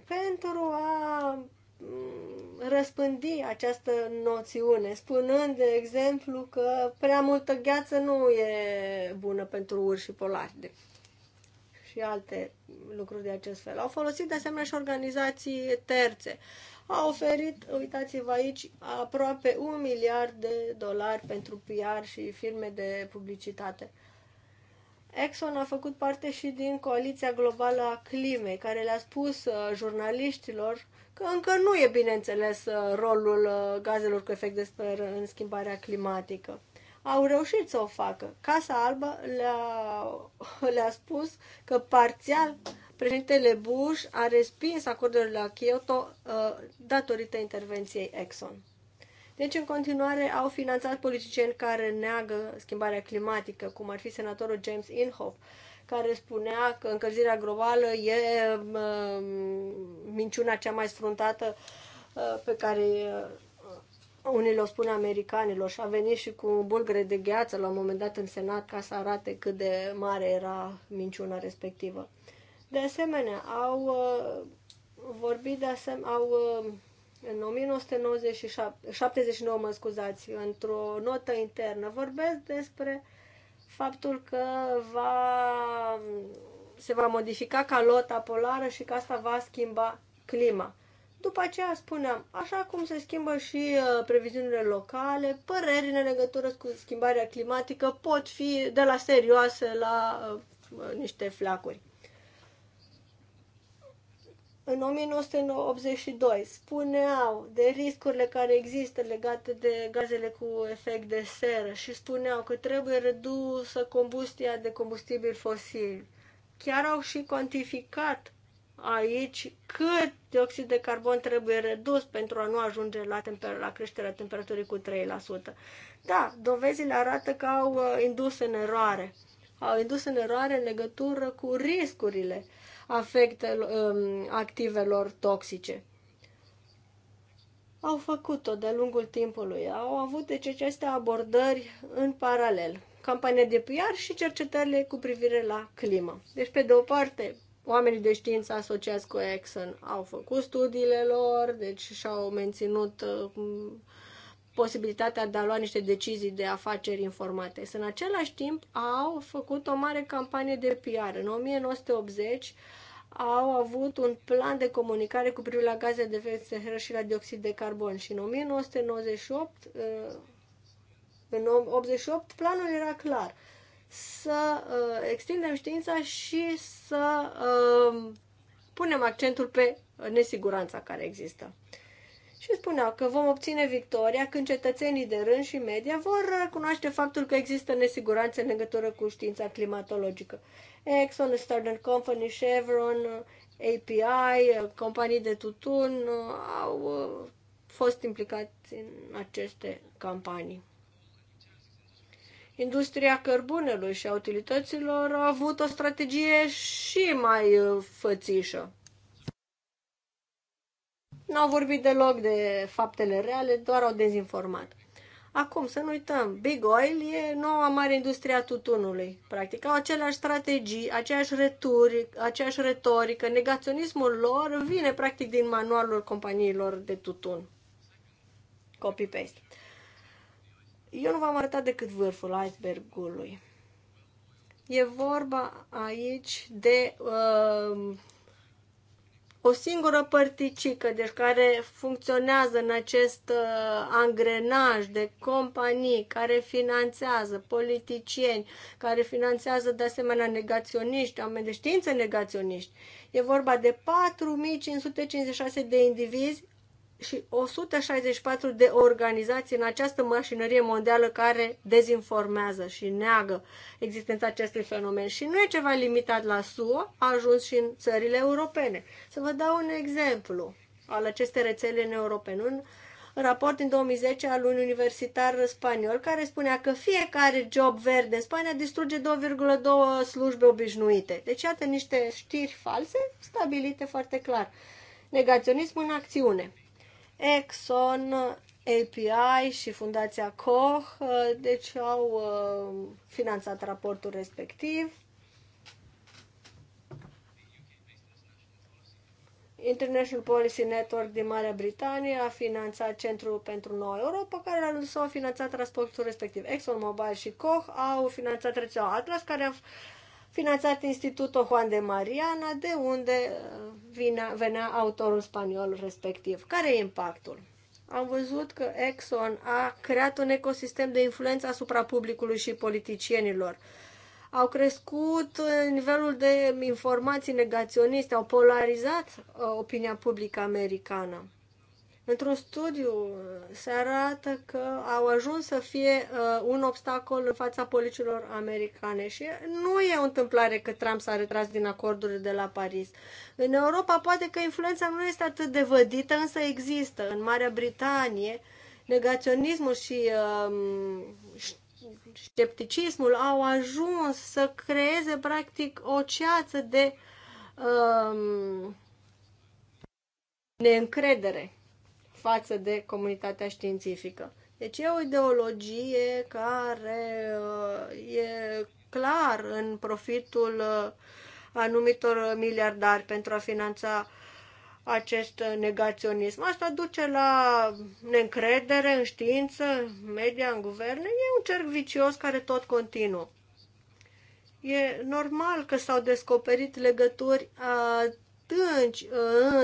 pentru a mm, răspândi această noțiune, spunând, de exemplu, că prea multă gheață nu e bună pentru urși polari de, și alte lucruri de acest fel. Au folosit de asemenea și organizații terțe a oferit, uitați-vă aici, aproape un miliard de dolari pentru PR și firme de publicitate. Exxon a făcut parte și din Coaliția Globală a Climei, care le-a spus uh, jurnaliștilor că încă nu e bineînțeles uh, rolul uh, gazelor cu efect de sper în schimbarea climatică. Au reușit să o facă. Casa Albă le-a, [LAUGHS] le-a spus că parțial președintele Bush a respins acordul la Kyoto uh, datorită intervenției Exxon. Deci, în continuare, au finanțat politicieni care neagă schimbarea climatică, cum ar fi senatorul James Inhofe, care spunea că încălzirea globală e uh, minciuna cea mai sfruntată uh, pe care uh, unii le spun americanilor și a venit și cu bulgăre de gheață la un moment dat în Senat ca să arate cât de mare era minciuna respectivă. Uh, de asemenea, au uh, vorbit de asemenea, au uh, în 1979, mă scuzați, într-o notă internă, vorbesc despre faptul că va, se va modifica calota polară și că asta va schimba clima. După aceea spuneam, așa cum se schimbă și uh, previziunile locale, părerile în legătură cu schimbarea climatică pot fi de la serioase la uh, niște flacuri în 1982 spuneau de riscurile care există legate de gazele cu efect de seră și spuneau că trebuie redusă combustia de combustibil fosil. Chiar au și cuantificat aici cât dioxid de carbon trebuie redus pentru a nu ajunge la, temper- la creșterea temperaturii cu 3%. Da, dovezile arată că au uh, indus în eroare. Au indus în eroare în legătură cu riscurile uh, afectelor, um, activelor toxice. Au făcut-o de-a lungul timpului. Au avut deci aceste abordări în paralel. Campania de PR și cercetările cu privire la climă. Deci, pe de o parte, oamenii de știință asociați cu Exxon au făcut studiile lor, deci și-au menținut uh, posibilitatea de a lua niște decizii de afaceri informate. Să în același timp au făcut o mare campanie de PR. În 1980 au avut un plan de comunicare cu privire la gaze de efect seră și la dioxid de carbon și în 1998 uh, în 88 planul era clar să uh, extindem știința și să uh, punem accentul pe nesiguranța care există. Și spunea că vom obține victoria când cetățenii de rând și media vor recunoaște faptul că există nesiguranțe în legătură cu știința climatologică. Exxon, Standard Company, Chevron, API, companii de tutun uh, au uh, fost implicați în aceste campanii. Industria cărbunelui și a utilităților a avut o strategie și mai uh, fățișă. N-au vorbit deloc de faptele reale, doar au dezinformat. Acum, să nu uităm, Big Oil e noua mare industrie a tutunului. Practic, au aceleași strategii, aceeași, returi, aceeași retorică. Negaționismul lor vine, practic, din manualul companiilor de tutun. Copy-paste. Eu nu v-am arătat decât vârful icebergului. E vorba aici de uh, o singură părticică, deci care funcționează în acest uh, angrenaj de companii care finanțează politicieni, care finanțează de asemenea negaționiști, oameni de știință negaționiști. E vorba de 4556 de indivizi și 164 de organizații în această mașinărie mondială care dezinformează și neagă existența acestui fenomen. Și nu e ceva limitat la SUA, a ajuns și în țările europene. Să vă dau un exemplu al acestei rețele în europene. Un raport din 2010 al unui universitar spaniol care spunea că fiecare job verde în Spania distruge 2,2 slujbe obișnuite. Deci iată niște știri false stabilite foarte clar. Negaționism în acțiune. Exxon, API și Fundația Koch, uh, deci au uh, finanțat raportul respectiv. International Policy Network din Marea Britanie a finanțat Centrul pentru Noua Europa, care a s a finanțat transportul respectiv. ExxonMobil și Koch au finanțat rețeaua Atlas, care a finanțat Institutul Juan de Mariana, de unde uh, vine venea autorul spaniol respectiv. Care e impactul? Am văzut că Exxon a creat un ecosistem de influență asupra publicului și politicienilor. Au crescut uh, nivelul de informații negaționiste, au polarizat uh, opinia publică americană Într-un studiu uh, se arată că au ajuns să fie uh, un obstacol în fața politicilor americane și nu e o întâmplare că Trump s-a retras din acordurile de la Paris. În Europa poate că influența nu este atât de vădită, însă există. În Marea Britanie, negaționismul și uh, scepticismul au ajuns să creeze practic o ceață de uh, neîncredere față de comunitatea științifică. Deci e o ideologie care uh, e clar în profitul uh, anumitor miliardari pentru a finanța acest negaționism. Asta duce la neîncredere în știință, în media, în guverne. E un cerc vicios care tot continuă. E normal că s-au descoperit legături uh, stânci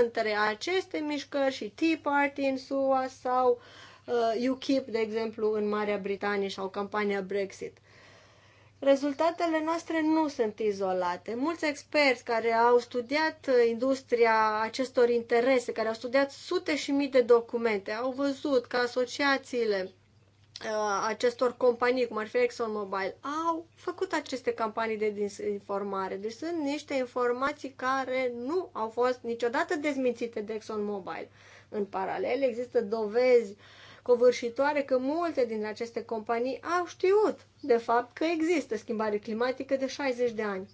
între aceste mișcări și Tea Party în SUA sau uh, UKIP, de exemplu, în Marea Britanie sau campania Brexit. Rezultatele noastre nu sunt izolate. Mulți experți care au studiat uh, industria acestor interese, care au studiat sute și mii de documente, au văzut că asociațiile Uh, acestor companii, cum ar fi ExxonMobil, au făcut aceste campanii de dezinformare. Deci sunt niște informații care nu au fost niciodată dezmințite de ExxonMobil. În paralel, există dovezi covârșitoare că multe dintre aceste companii au știut, de fapt, că există schimbare climatică de 60 de ani.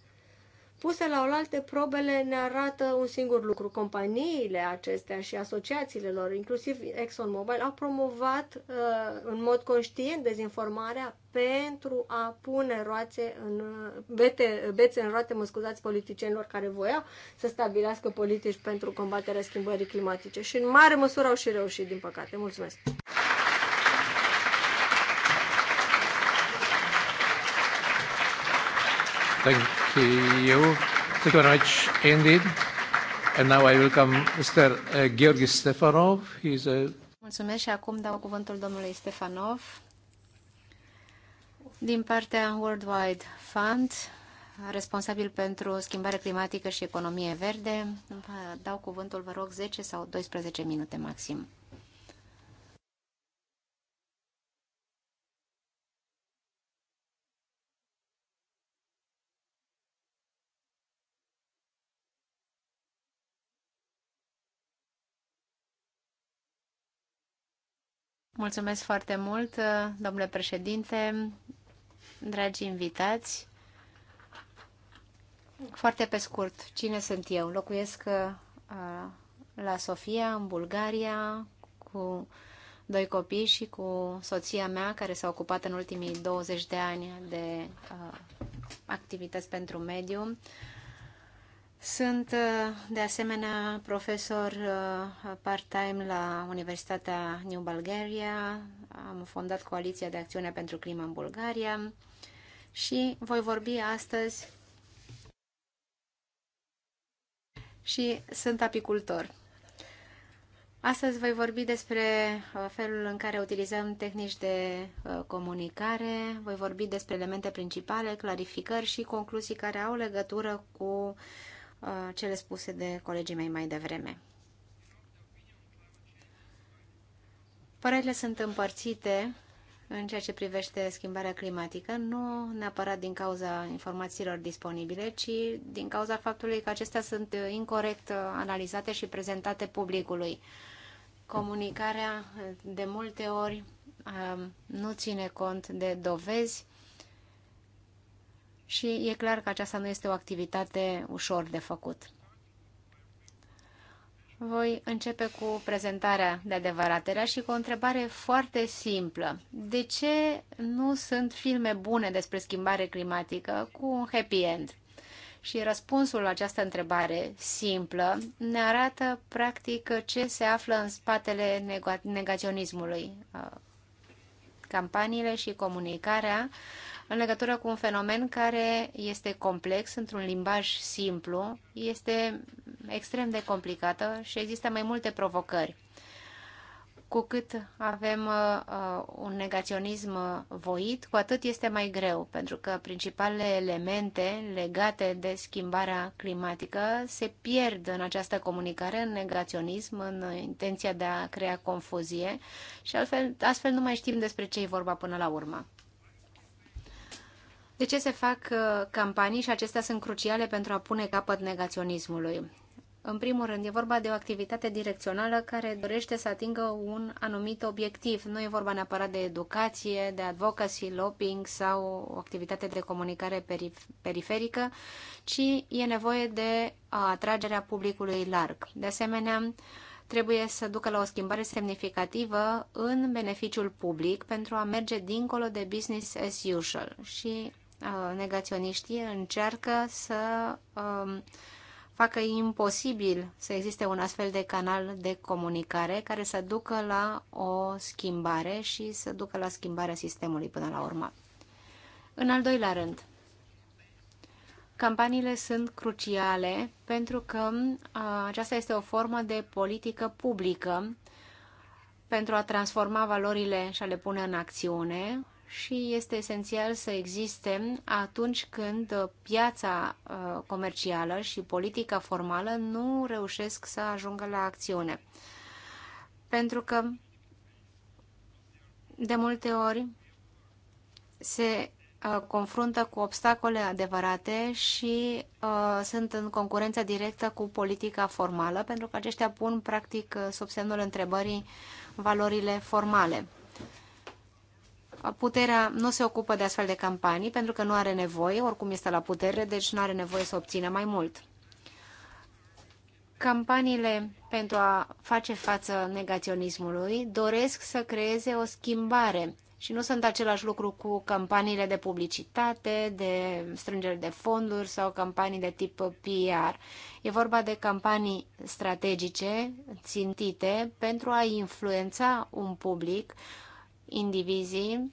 Puse la oaltă, probele ne arată un singur lucru. Companiile acestea și asociațiile lor, inclusiv ExxonMobil, au promovat uh, în mod conștient dezinformarea pentru a pune roațe în, bete, bețe în roate, mă scuzați, politicienilor care voiau să stabilească politici pentru combaterea schimbării climatice. Și în mare măsură au și reușit, din păcate. Mulțumesc! Thank you. Thank you very much indeed. And now I welcome Mr. Uh, Georgi Stefanov. He's a... Mulțumesc și acum dau cuvântul domnului Stefanov din partea Worldwide Fund, responsabil pentru schimbare climatică și economie verde. dau cuvântul, vă rog, 10 sau 12 minute maxim. Mulțumesc foarte mult, uh, domnule președinte, dragi invitați. Foarte pe scurt, cine sunt eu? Locuiesc uh, la Sofia, în Bulgaria, cu doi copii și cu soția mea, care s-a ocupat în ultimii 20 de ani de uh, activități pentru mediu. Sunt uh, de asemenea profesor uh, part-time la Universitatea New Bulgaria, am fondat Coaliția de Acțiune pentru Climă în Bulgaria și voi vorbi astăzi și sunt apicultor. Astăzi voi vorbi despre uh, felul în care utilizăm tehnici de comunicare, voi vorbi despre elemente principale, clarificări și concluzii care au legătură cu uh, Uh, cele spuse de colegii mei mai devreme. Părerile sunt împărțite în ceea ce privește schimbarea climatică, nu neapărat din cauza informațiilor disponibile, ci din cauza faptului că acestea sunt incorrect analizate și prezentate publicului. Comunicarea de multe ori uh, nu ține cont de dovezi și e clar că aceasta nu este o activitate ușor de făcut. Voi începe cu prezentarea de adevăratele și cu o întrebare foarte simplă. De ce nu sunt filme bune despre schimbare climatică cu un happy end? Și răspunsul la această întrebare simplă ne arată practic ce se află în spatele negaționismului. Uh, campaniile și comunicarea uh, în legătură cu un fenomen care este complex, într-un limbaj simplu, este extrem de complicată și există mai multe provocări. Cu cât avem uh, uh, un negaționism voit, cu atât este mai greu, pentru că principalele elemente legate de schimbarea climatică se pierd în această comunicare, în negaționism, în intenția de a crea confuzie și altfel, astfel nu mai știm despre ce e vorba până la urmă. De ce se fac uh, campanii și acestea sunt cruciale pentru a pune capăt negaționismului? În primul rând, e vorba de o activitate direcțională care dorește să atingă un anumit obiectiv. Nu e vorba neapărat de educație, de advocacy, lobbying sau o activitate de comunicare periferică, ci e nevoie de atragerea publicului larg. De asemenea, trebuie să ducă la o schimbare semnificativă în beneficiul public pentru a merge dincolo de business as usual. Și Uh, negaționiștii încearcă să um, facă imposibil să existe un astfel de canal de comunicare care să ducă la o schimbare și să ducă la schimbarea sistemului până la urmă. În al doilea rând, campaniile sunt cruciale pentru că uh, aceasta este o formă de politică publică pentru a transforma valorile și a le pune în acțiune, și este esențial să existe atunci când uh, piața uh, comercială și politica formală nu reușesc să ajungă la acțiune. Pentru că de multe ori se uh, confruntă cu obstacole adevărate și uh, sunt în concurență directă cu politica formală, pentru că aceștia pun practic sub semnul întrebării valorile formale puterea nu se ocupă de astfel de campanii pentru că nu are nevoie, oricum este la putere, deci nu are nevoie să obțină mai mult. Campaniile pentru a face față negaționismului doresc să creeze o schimbare și nu sunt același lucru cu campaniile de publicitate, de strângere de fonduri sau campanii de tip PR. E vorba de campanii strategice, țintite, pentru a influența un public indivizii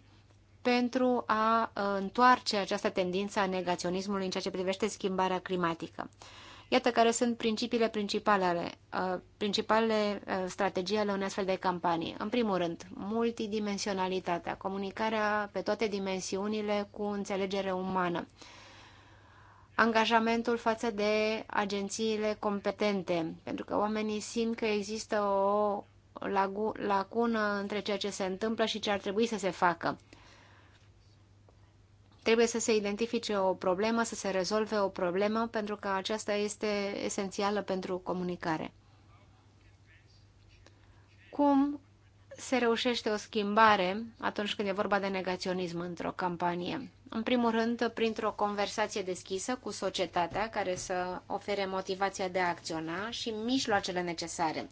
pentru a uh, întoarce această tendință a negaționismului în ceea ce privește schimbarea climatică. Iată care sunt principiile principale, ale, uh, principale uh, strategii ale unei astfel de campanii. În primul rând, multidimensionalitatea, comunicarea pe toate dimensiunile cu înțelegere umană, angajamentul față de agențiile competente, pentru că oamenii simt că există o lacună între ceea ce se întâmplă și ce ar trebui să se facă. Trebuie să se identifice o problemă, să se rezolve o problemă, pentru că aceasta este esențială pentru comunicare. Cum se reușește o schimbare atunci când e vorba de negaționism într-o campanie? În primul rând, printr-o conversație deschisă cu societatea care să ofere motivația de a acționa și mijloacele necesare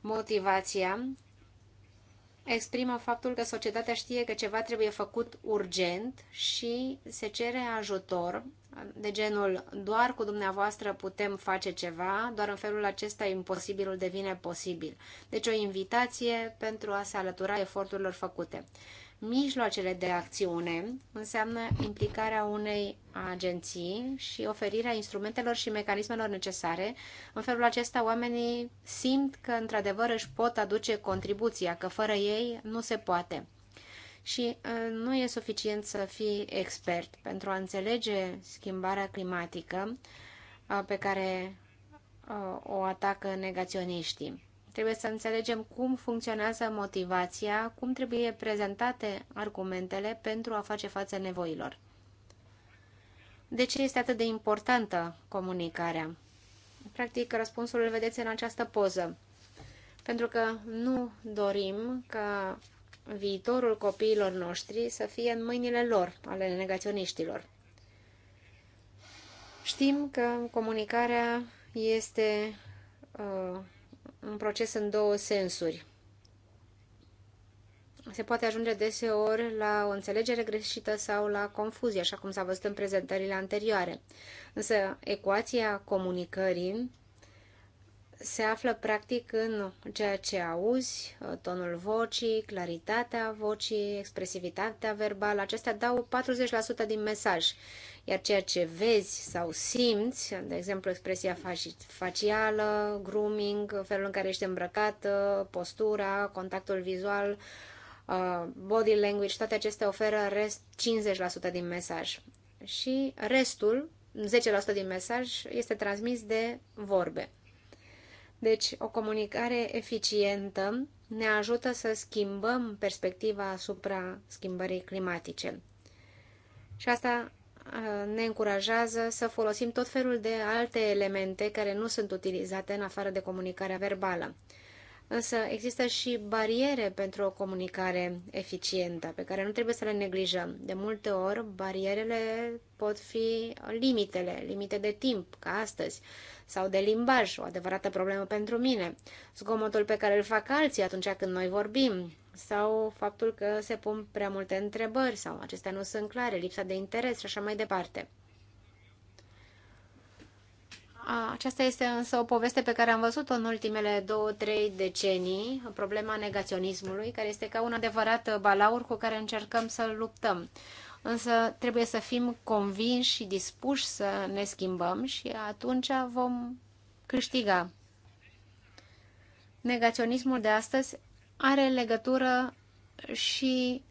motivația exprimă faptul că societatea știe că ceva trebuie făcut urgent și se cere ajutor de genul doar cu dumneavoastră putem face ceva, doar în felul acesta imposibilul devine posibil. Deci o invitație pentru a se alătura eforturilor făcute. Mijloacele de acțiune înseamnă implicarea unei agenții și oferirea instrumentelor și mecanismelor necesare. În felul acesta, oamenii simt că, într-adevăr, își pot aduce contribuția, că fără ei nu se poate. Și ă, nu e suficient să fii expert pentru a înțelege schimbarea climatică ă, pe care ă, o atacă negaționiștii. Trebuie să înțelegem cum funcționează motivația, cum trebuie prezentate argumentele pentru a face față nevoilor. De ce este atât de importantă comunicarea? Practic, răspunsul îl vedeți în această poză. Pentru că nu dorim ca viitorul copiilor noștri să fie în mâinile lor, ale negaționiștilor. Știm că comunicarea este uh, un proces în două sensuri. Se poate ajunge deseori la o înțelegere greșită sau la confuzie, așa cum s-a văzut în prezentările anterioare. Însă ecuația comunicării se află practic în ceea ce auzi, uh, tonul vocii, claritatea vocii, expresivitatea verbală. Acestea dau 40% din mesaj. Iar ceea ce vezi sau simți, de exemplu expresia facială, grooming, felul în care ești îmbrăcat, postura, contactul vizual, uh, body language, toate acestea oferă rest 50% din mesaj. Și restul, 10% din mesaj, este transmis de vorbe. Deci, o comunicare eficientă ne ajută să schimbăm perspectiva asupra schimbării climatice. Și asta ne încurajează să folosim tot felul de alte elemente care nu sunt utilizate în afară de comunicarea verbală însă există și bariere pentru o comunicare eficientă, pe care nu trebuie să le neglijăm. De multe ori, barierele pot fi limitele, limite de timp, ca astăzi, sau de limbaj, o adevărată problemă pentru mine, zgomotul pe care îl fac alții atunci când noi vorbim, sau faptul că se pun prea multe întrebări, sau acestea nu sunt clare, lipsa de interes și așa mai departe. Aceasta este însă o poveste pe care am văzut-o în ultimele două-trei decenii, problema negaționismului, care este ca un adevărat balaur cu care încercăm să luptăm. Însă trebuie să fim convinși și dispuși să ne schimbăm și atunci vom câștiga. Negaționismul de astăzi are legătură și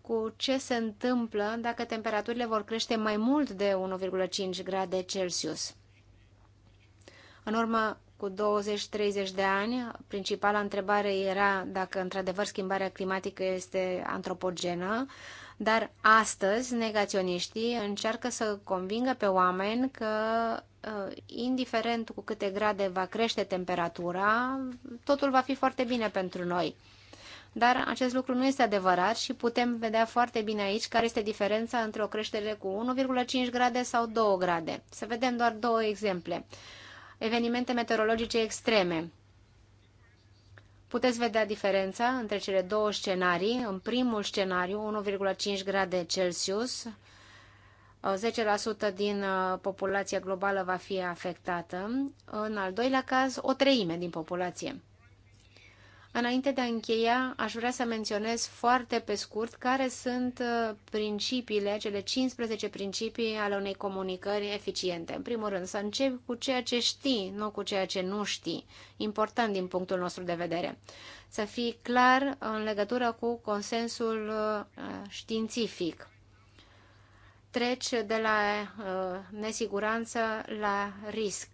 cu ce se întâmplă dacă temperaturile vor crește mai mult de 1,5 grade Celsius. În urmă cu 20-30 de ani, principala întrebare era dacă într-adevăr schimbarea climatică este antropogenă, dar astăzi negaționiștii încearcă să convingă pe oameni că ă, indiferent cu câte grade va crește temperatura, totul va fi foarte bine pentru noi. Dar acest lucru nu este adevărat și putem vedea foarte bine aici care este diferența între o creștere cu 1,5 grade sau 2 grade. Să vedem doar două exemple evenimente meteorologice extreme. Puteți vedea diferența între cele două scenarii. În primul scenariu, 1,5 grade Celsius, 10% uh, din uh, populația globală va fi afectată. În al doilea caz, o treime din populație. Înainte de a încheia, aș vrea să menționez foarte pe scurt care sunt uh, principiile, cele 15 principii ale unei comunicări eficiente. În primul rând, să încep cu ceea ce știi, nu cu ceea ce nu știi. Important din punctul nostru de vedere. Să fii clar în legătură cu consensul uh, științific treci de la uh, nesiguranță la risc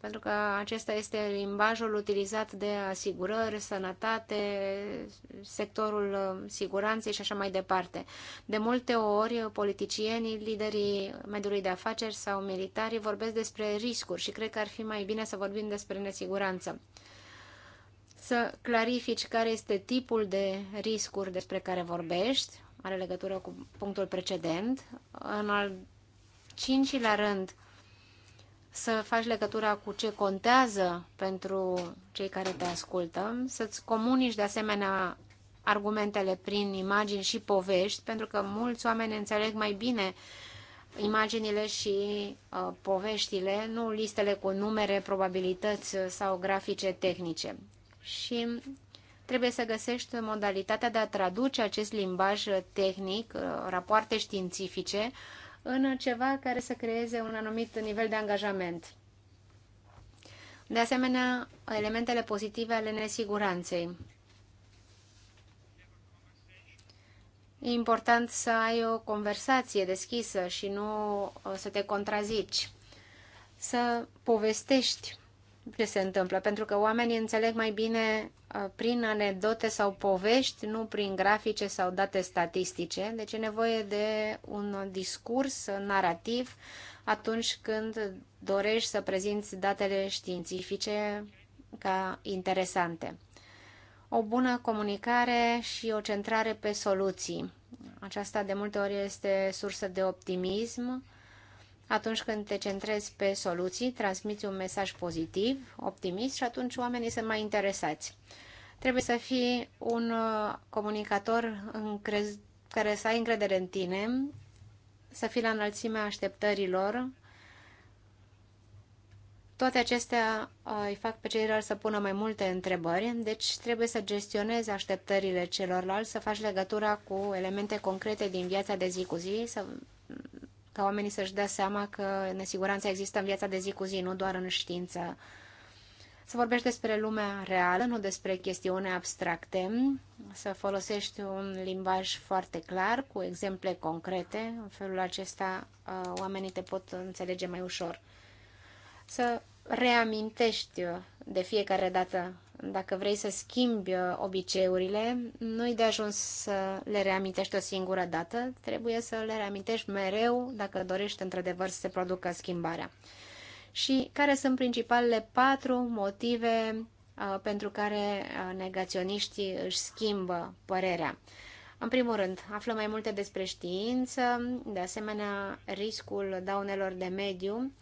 pentru că acesta este limbajul utilizat de asigurări, sănătate, sectorul um, siguranței și așa mai departe. De multe ori, politicienii, liderii mediului de afaceri sau militarii vorbesc despre riscuri și cred că ar fi mai bine să vorbim despre nesiguranță. Să clarifici care este tipul de riscuri despre care vorbești, are legătură cu punctul precedent. În al cincilea rând, să faci legătura cu ce contează pentru cei care te ascultă, să-ți comunici de asemenea argumentele prin imagini și povești, pentru că mulți oameni înțeleg mai bine imaginile și uh, poveștile, nu listele cu numere, probabilități uh, sau grafice tehnice. Și trebuie să găsești modalitatea de a traduce acest limbaj uh, tehnic, uh, rapoarte științifice, uh, în ceva care să creeze un anumit nivel de angajament. De asemenea, elementele pozitive ale nesiguranței. E important să ai o conversație deschisă și nu uh, să te contrazici, să povestești ce se întâmplă, pentru că oamenii înțeleg mai bine prin anedote sau povești, nu prin grafice sau date statistice. Deci e nevoie de un discurs narrativ atunci când dorești să prezinți datele științifice ca interesante. O bună comunicare și o centrare pe soluții. Aceasta de multe ori este sursă de optimism atunci când te centrezi pe soluții, transmiți un mesaj pozitiv, optimist și atunci oamenii sunt mai interesați. Trebuie să fii un uh, comunicator încrez- care să ai încredere în tine, să fii la înălțimea așteptărilor. Toate acestea uh, îi fac pe ceilalți să pună mai multe întrebări, deci trebuie să gestionezi așteptările celorlalți, să faci legătura cu elemente concrete din viața de zi cu zi, să ca oamenii să-și dea seama că nesiguranța există în viața de zi cu zi, nu doar în știință. Să vorbești despre lumea reală, nu despre chestiuni abstracte, să folosești un limbaj foarte clar, cu exemple concrete. În felul acesta uh, oamenii te pot înțelege mai ușor. Să reamintești uh, de fiecare dată. Dacă vrei să schimbi uh, obiceiurile, nu-i de ajuns să le reamintești o singură dată, trebuie să le reamintești mereu dacă dorești într-adevăr să se producă schimbarea. Și care sunt principalele patru motive uh, pentru care negaționiștii își schimbă părerea? În primul rând, află mai multe despre știință, de asemenea riscul daunelor de mediu,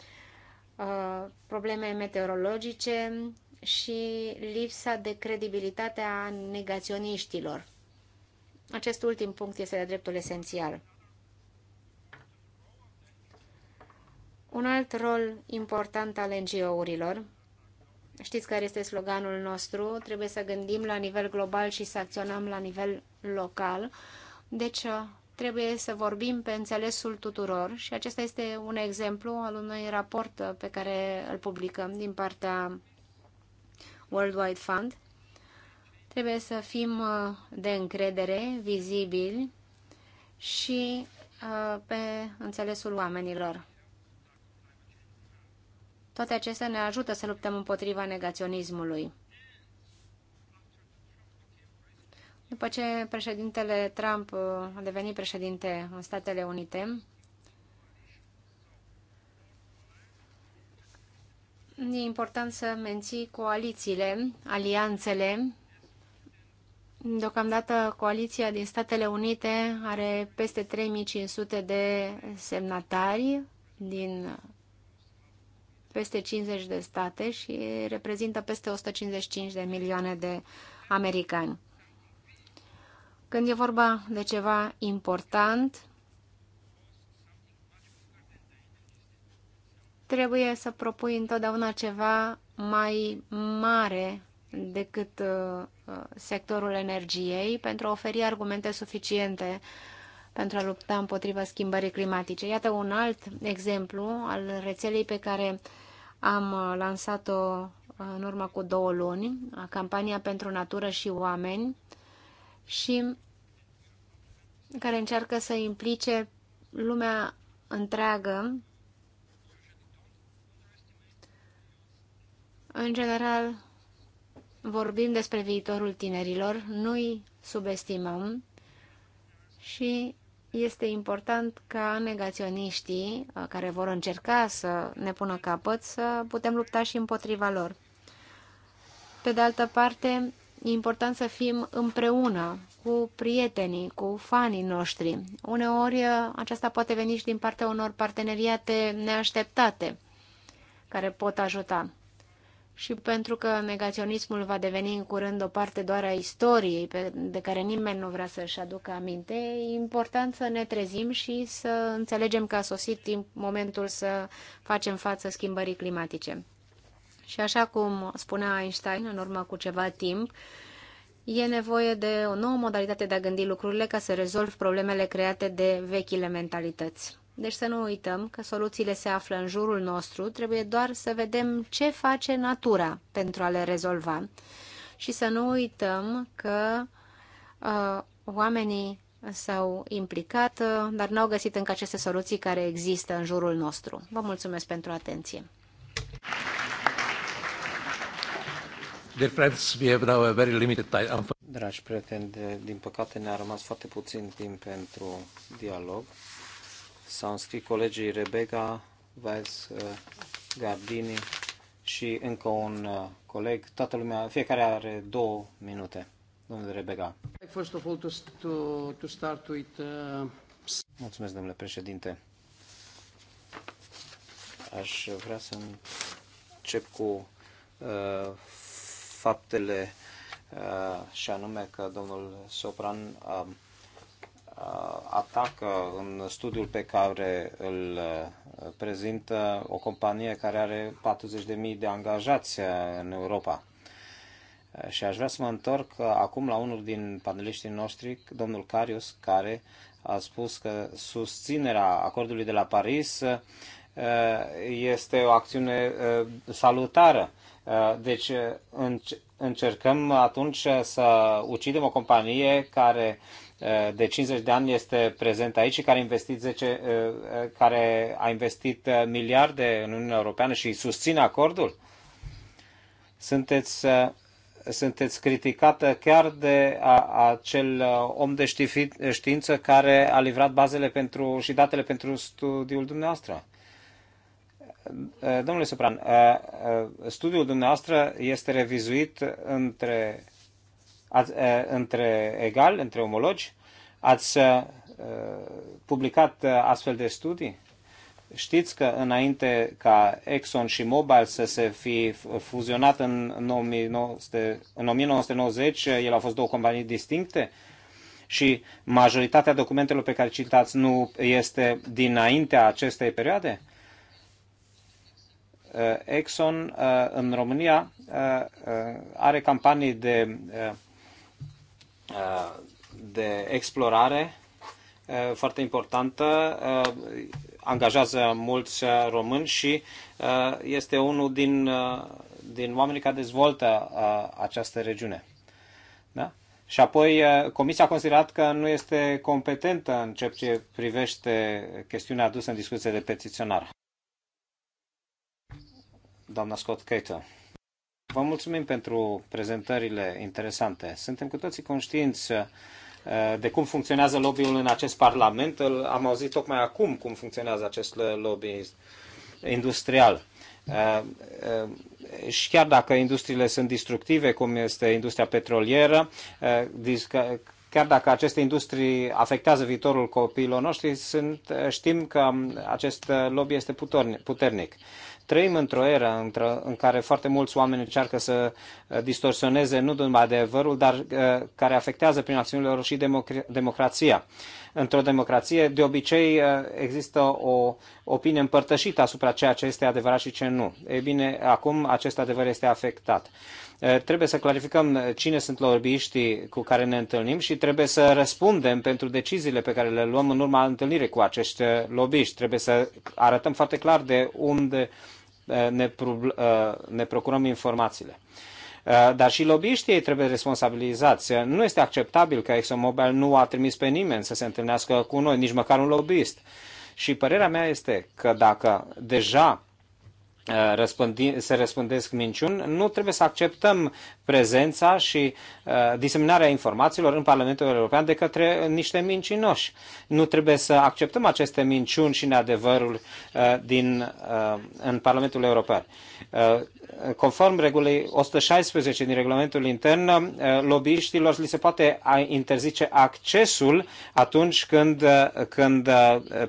Uh, probleme meteorologice și lipsa de credibilitate a negaționiștilor. Acest ultim punct este de dreptul esențial. Un alt rol important al NGO-urilor, știți care este sloganul nostru, trebuie să gândim la nivel global și să acționăm la nivel local, deci uh, trebuie să vorbim pe înțelesul tuturor și acesta este un exemplu al unui raport pe care îl publicăm din partea World Wide Fund. Trebuie să fim uh, de încredere, vizibili și uh, pe înțelesul oamenilor. Toate acestea ne ajută să luptăm împotriva negaționismului. După ce președintele Trump uh, a devenit președinte în Statele Unite, e important să menții coalițiile, alianțele. Deocamdată coaliția din Statele Unite are peste 3500 de semnatari din peste 50 de state și reprezintă peste 155 de milioane de americani. Când e vorba de ceva important, trebuie să propui întotdeauna ceva mai mare decât uh, uh, sectorul energiei pentru a oferi argumente suficiente pentru a lupta împotriva schimbării climatice. Iată un alt exemplu al rețelei pe care am uh, lansat-o în urmă cu două luni, campania pentru natură și oameni, și care încearcă să implice lumea întreagă. În general, vorbim despre viitorul tinerilor, nu-i subestimăm și este important ca negaționiștii uh, care vor încerca să ne pună capăt să putem lupta și împotriva lor. Pe de altă parte, E important să fim împreună cu prietenii, cu fanii noștri. Uneori uh, aceasta poate veni și din partea unor parteneriate neașteptate care pot ajuta. Și pentru că negaționismul va deveni în curând o parte doar a istoriei pe, de care nimeni nu vrea să-și aducă aminte, e important să ne trezim și să înțelegem că a sosit timp, momentul să facem față schimbării climatice. Și așa cum spunea Einstein în urmă cu ceva timp, e nevoie de o nouă modalitate de a gândi lucrurile ca să rezolvi problemele create de vechile mentalități. Deci să nu uităm că soluțiile se află în jurul nostru, trebuie doar să vedem ce face natura pentru a le rezolva. Și să nu uităm că uh, oamenii s-au implicat, uh, dar n-au găsit încă aceste soluții care există în jurul nostru. Vă mulțumesc pentru atenție! Dear friends, we have now a very limited time. Dragi prieteni, de, din păcate ne-a rămas foarte puțin timp pentru dialog. S-au înscris colegii Rebecca, Vaz, uh, Gardini și încă un uh, coleg. Toată lumea, fiecare are două minute. Domnule Rebecca. First of all, to, to, to start with, uh... Mulțumesc, domnule președinte. Aș vrea să încep cu uh, faptele uh, și anume că domnul Sopran uh, uh, atacă în studiul pe care îl prezintă o companie care are 40.000 de angajați în Europa. Și aș vrea să mă întorc acum la unul din paneliștii noștri, domnul Carius, care a spus că susținerea acordului de la Paris este o acțiune salutară. Uh, deci uh, încercăm atunci să ucidem o companie care uh, de 50 de ani este prezent aici și care, investit 10, care a investit miliarde în Uniunea Europeană și susține acordul? Sunteți, sunteți criticată chiar de a, acel om de știință care a livrat bazele pentru, și datele pentru studiul dumneavoastră. Eh, domnule Supran, eh, eh, studiul dumneavoastră este revizuit între, între egal, între omologi? Ați publicat astfel de studii? Știți că înainte ca Exxon și Mobil să se fi fuzionat în, 19, 1990, ele au fost două companii distincte și majoritatea documentelor pe care citați nu este dinaintea acestei perioade? Eh, Exxon eh, în România eh, are campanii de, de explorare foarte importantă, angajează mulți români și este unul din, din oamenii care dezvoltă această regiune. Da? Și apoi Comisia a considerat că nu este competentă în ceea ce privește chestiunea adusă în discuție de petiționar doamna Scott Cato. Vă mulțumim pentru prezentările interesante. Suntem cu toții conștienți uh, de cum funcționează lobby-ul în acest parlament. Am auzit tocmai acum cum funcționează acest lobby industrial. Uh, uh, și chiar dacă industriile sunt destructive, cum este industria petrolieră, chiar dacă aceste industrii afectează viitorul copiilor noștri, sunt, știm că acest lobby este puternic. Trăim într-o era în care foarte mulți oameni încearcă să uh, distorsioneze nu numai adevărul, dar uh, care afectează prin acțiunile lor și democrația. Într-o democrație, de obicei, uh, există o opinie împărtășită asupra ceea ce este adevărat și ce nu. Ei bine, acum acest adevăr este afectat trebuie să clarificăm cine sunt lorbiștii cu care ne întâlnim și trebuie să răspundem pentru deciziile pe care le luăm în urma întâlnirii cu acești lobiști. Trebuie să arătăm foarte clar de unde Eh, ne, eh, ne procurăm informațiile. Eh, dar și lobbyiștii ei trebuie responsabilizați. Nu este acceptabil că ExxonMobil nu a trimis pe nimeni să se întâlnească cu noi, nici măcar un lobbyist. Și părerea mea este că dacă deja Uh, răspândi, se răspândesc minciuni, nu trebuie să acceptăm prezența și uh, diseminarea informațiilor în Parlamentul European de către niște mincinoși. Nu trebuie să acceptăm aceste minciuni și neadevărul uh, din, uh, în Parlamentul European. Uh, conform regulii 116 din regulamentul intern, uh, lobbyiștilor li se poate interzice accesul atunci când, când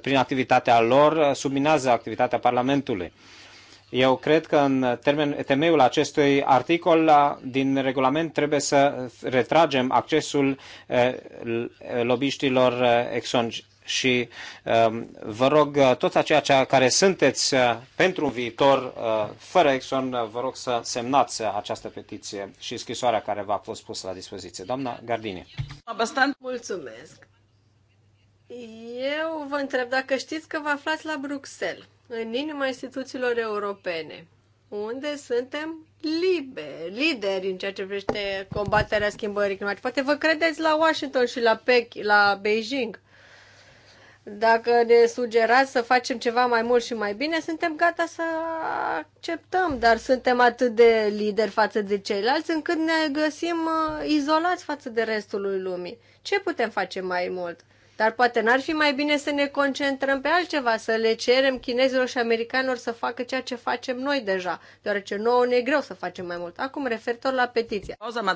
prin activitatea lor subminează activitatea Parlamentului. Eu cred că în termen, temeiul acestui articol din regulament trebuie să retragem accesul eh, lobiștilor exxon eh, și eh, vă rog toți aceia care sunteți pentru un viitor fără Exxon, vă rog să semnați această petiție și scrisoarea care v-a fost pusă la dispoziție. Doamna Gardini. Abastant mulțumesc. Eu vă întreb dacă știți că vă aflați la Bruxelles în inima instituțiilor europene, unde suntem liberi, lideri în ceea ce privește combaterea schimbării climatice. Poate vă credeți la Washington și la, Pechi, la Beijing. Dacă ne sugerați să facem ceva mai mult și mai bine, suntem gata să acceptăm, dar suntem atât de lideri față de ceilalți încât ne găsim uh, izolați față de restul lumii. Ce putem face mai mult? Dar poate n-ar fi mai bine să ne concentrăm pe altceva, să le cerem chinezilor și americanilor să facă ceea ce facem noi deja, deoarece nouă ne e greu să facem mai mult. Acum, referitor la petiția. Pauza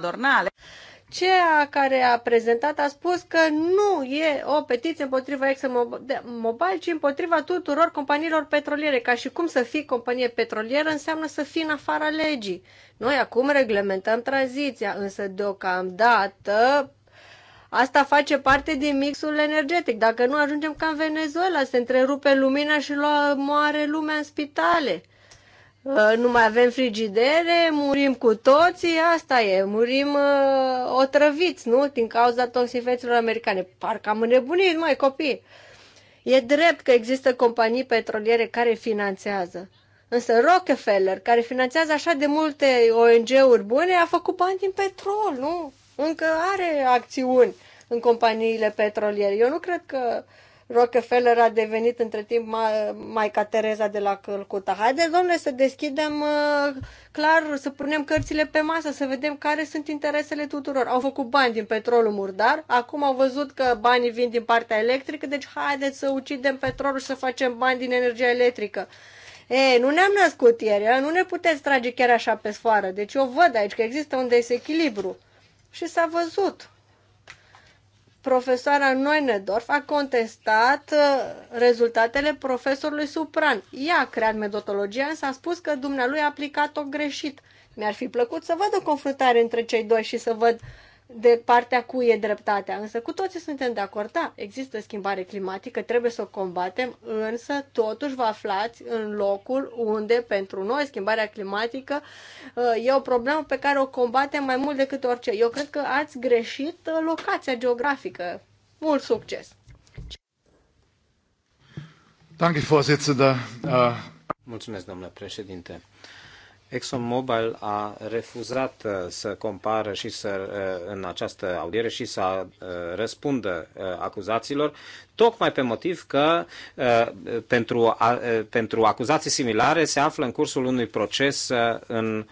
Cea care a prezentat a spus că nu e o petiție împotriva ExxonMobil, ci împotriva tuturor companiilor petroliere. Ca și cum să fii companie petrolieră înseamnă să fii în afara legii. Noi acum reglementăm tranziția, însă deocamdată Asta face parte din mixul energetic. Dacă nu ajungem ca în Venezuela, se întrerupe lumina și moare lumea în spitale. Uh, nu mai avem frigidere, murim cu toții, asta e, murim uh, otrăviți, nu? Din cauza toxifeților americane. Parcă am înnebunit, mai copii. E drept că există companii petroliere care finanțează. Însă Rockefeller, care finanțează așa de multe ONG-uri bune, a făcut bani din petrol, nu? încă are acțiuni în companiile petroliere. Eu nu cred că Rockefeller a devenit între timp mai, mai ca Tereza de la Călcuta. Haideți, domnule, să deschidem uh, clar, să punem cărțile pe masă, să vedem care sunt interesele tuturor. Au făcut bani din petrolul murdar, acum au văzut că banii vin din partea electrică, deci haideți să ucidem petrolul și să facem bani din energia electrică. Ei, nu ne-am născut ieri, nu ne puteți trage chiar așa pe sfoară. Deci eu văd aici că există un desechilibru. Și s-a văzut. Profesoara Noinedorf a contestat uh, rezultatele profesorului Supran. Ea a creat metodologia, însă a spus că dumnealui a aplicat-o greșit. Mi-ar fi plăcut să văd o confruntare între cei doi și să văd uh, de partea cui e dreptatea. Însă cu toții suntem de acord, da, există schimbare climatică, trebuie să o combatem, însă totuși vă aflați în locul unde pentru noi schimbarea climatică uh, e o problemă pe care o combatem mai mult decât orice. Eu cred că ați greșit uh, locația geografică. Mult succes! Uh, Mulțumesc, domnule președinte. ExxonMobil a refuzat uh, să compară și să, uh, în această audiere și să uh, răspundă acuzațiilor, tocmai pe motiv că pentru, pentru acuzații similare se află în cursul unui proces în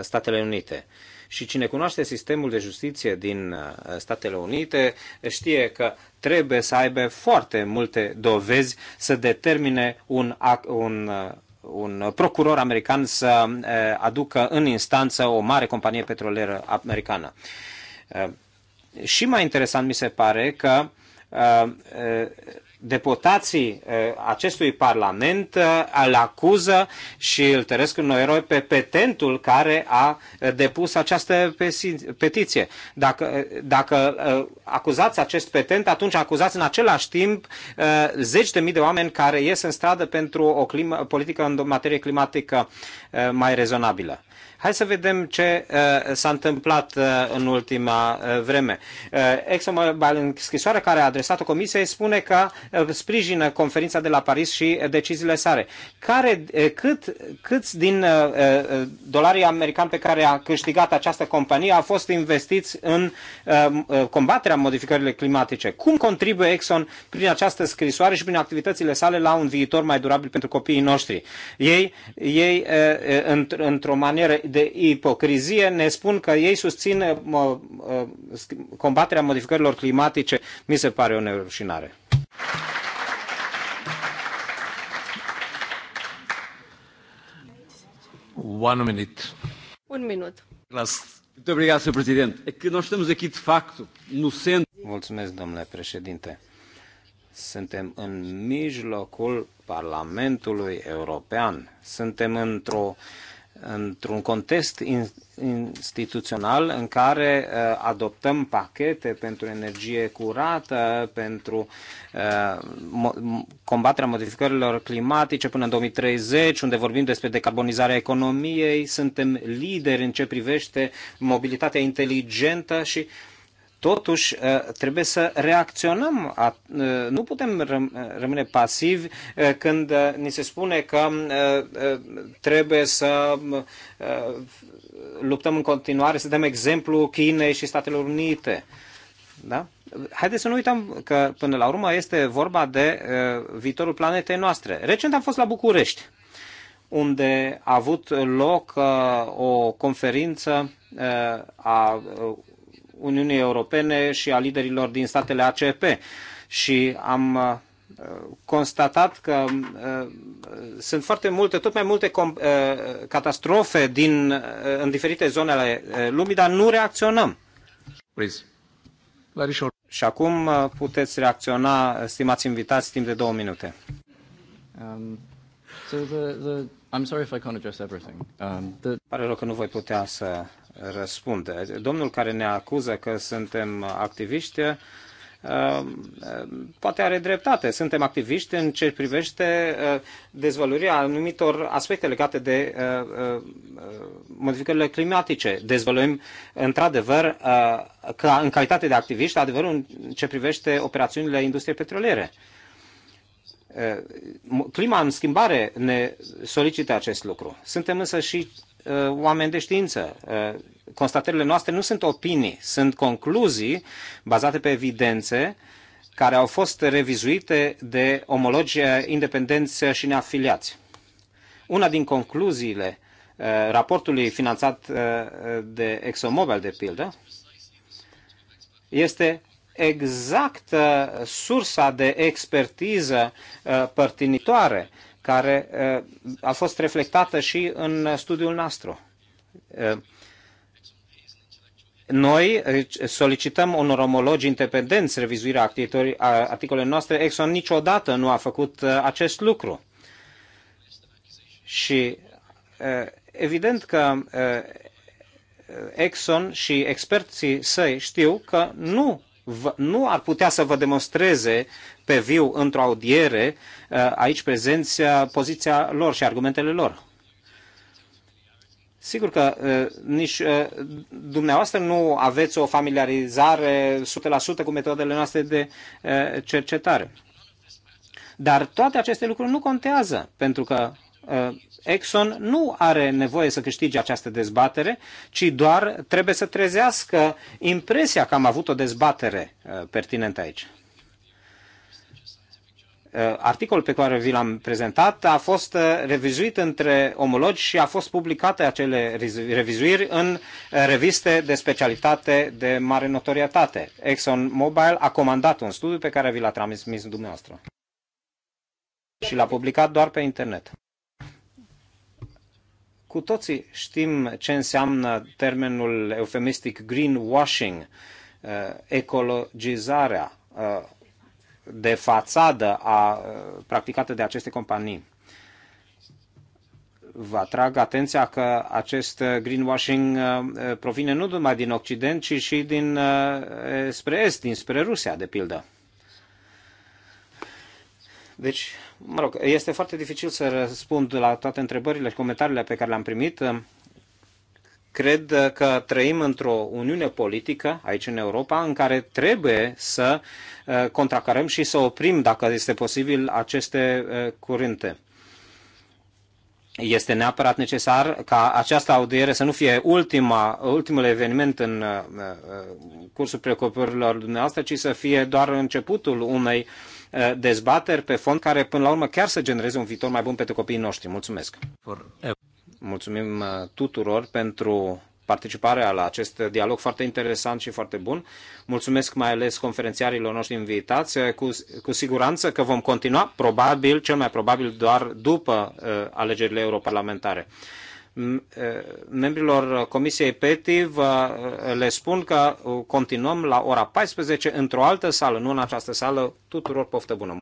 Statele Unite. Și cine cunoaște sistemul de justiție din Statele Unite știe că trebuie să aibă foarte multe dovezi să determine un, un un procuror american să aducă în instanță o mare companie petrolieră americană. Și mai interesant mi se pare că deputații eh, acestui parlament eh, îl acuză și îl tăresc în eroi pe petentul care a eh, depus această petiție. Dacă, dacă acuzați acest petent, atunci acuzați în același timp zeci de mii de oameni care ies în stradă pentru o climă, politică în materie climatică mai rezonabilă. Hai să vedem ce uh, s-a întâmplat uh, în ultima uh, vreme. ExxonMobil, în scrisoarea care a adresat-o Comisiei, spune că sprijină conferința de la Paris și deciziile sale. Care, cât, câți din dolarii americani pe care a câștigat această companie au fost investiți în combaterea modificărilor climatice? Cum contribuie Exxon prin această scrisoare și prin activitățile sale la un viitor mai durabil pentru copiii noștri? Ei, ei într-o manieră de ipocrizie ne spun că ei susțin uh, uh, combaterea modificărilor climatice. Mi se pare o nerușinare. One minute. Un minut. Last. Muito obrigado, Sr. Presidente. É que nós estamos aqui, de facto, no centro. Mulțumesc, domnule președinte. Suntem în mijlocul Parlamentului European. Suntem într-o într-un context instituțional în care uh, adoptăm pachete pentru energie curată, pentru uh, combaterea modificărilor climatice până în 2030, unde vorbim despre decarbonizarea economiei, suntem lideri în ce privește mobilitatea inteligentă și uh, Totuși, trebuie să reacționăm. Nu putem rămâne pasivi când ni se spune că trebuie să luptăm în continuare, să dăm exemplu Chinei și Statelor Unite. Da? Haideți să nu uităm că, până la urmă, este vorba de viitorul planetei noastre. Recent am fost la București unde a avut loc o conferință a Uniunii Europene și a liderilor din statele ACP. Și am uh, constatat că uh, sunt foarte multe, tot mai multe uh, catastrofe din, în diferite zone ale lumii, dar nu reacționăm. Please. short. Și acum puteți reacționa, stimați invitați, timp de două minute. Um, so the, the, I'm sorry if I can't address everything. Um, the... Pare rău că nu voi putea să răspunde. Domnul care ne acuză că suntem activiști uh, poate are dreptate. Suntem activiști în ce privește uh, dezvăluirea anumitor aspecte legate de uh, modificările climatice. Dezvăluim, într-adevăr, ca, în calitate de activiști, adevărul în ce privește operațiunile industriei petroliere. Clima în schimbare ne solicită acest lucru. Suntem însă și Uh, oameni de știință. Uh, constatările noastre nu sunt opinii, sunt concluzii bazate pe evidențe care au fost revizuite de omologi uh, independenți și neafiliați. Una din concluziile raportului finanțat de ExxonMobil, de pildă, este exact sursa de expertiză părtinitoare care uh, a fost reflectată și în studiul nostru. Uh, noi uh, solicităm unor omologi independenți revizuirea articolelor noastre. Exxon niciodată nu a făcut acest lucru. Și evident că Exxon și experții săi știu că nu nu ar putea să vă demonstreze pe viu într-o audiere uh, aici prezenți uh, poziția lor și argumentele lor. Sigur că uh, nici dumneavoastră nu aveți o familiarizare 100% cu metodele noastre de cercetare. Dar toate aceste lucruri nu contează, pentru că Exxon nu are nevoie să câștige această dezbatere, ci doar trebuie să trezească impresia că am avut o dezbatere uh, pertinentă aici uh, Articolul pe care vi l-am prezentat a fost uh, revizuit între omologi și a fost publicate acele revizuiri în reviste de specialitate de mare notorietate. Exxon Mobil a comandat un studiu pe care vi l-a transmis dumneavoastră și l-a publicat doar pe internet. Cu toții știm ce înseamnă termenul eufemistic greenwashing, uh, ecologizarea uh, de fațadă a, uh, practicată de aceste companii. Vă atrag atenția că acest greenwashing provine nu numai din Occident, ci și din, spre Est, spre Rusia, de pildă. Deci, mă rog, este foarte dificil să răspund la toate întrebările și comentariile pe care le-am primit. Cred că trăim într-o uniune politică aici în Europa în care trebuie să uh, contracarăm și să oprim, dacă este posibil, aceste uh, curente este neapărat necesar ca această audiere să nu fie ultima, ultimul eveniment în uh, cursul preocupărilor dumneavoastră, ci să fie doar începutul unei uh, Eh, dezbateri pe fond care până la urmă chiar să genereze un viitor mai bun pentru copiii noștri. Mulțumesc! Mulțumim eh, tuturor pentru participarea la acest dialog foarte interesant și foarte bun. Mulțumesc mai ales conferențiarilor noștri invitați. Eh, cu, cu siguranță că vom continua, probabil, cel mai probabil doar după uh, alegerile europarlamentare membrilor Comisiei PETI vă le spun că continuăm la ora 14 într-o altă sală, nu în această sală. Tuturor poftă bună!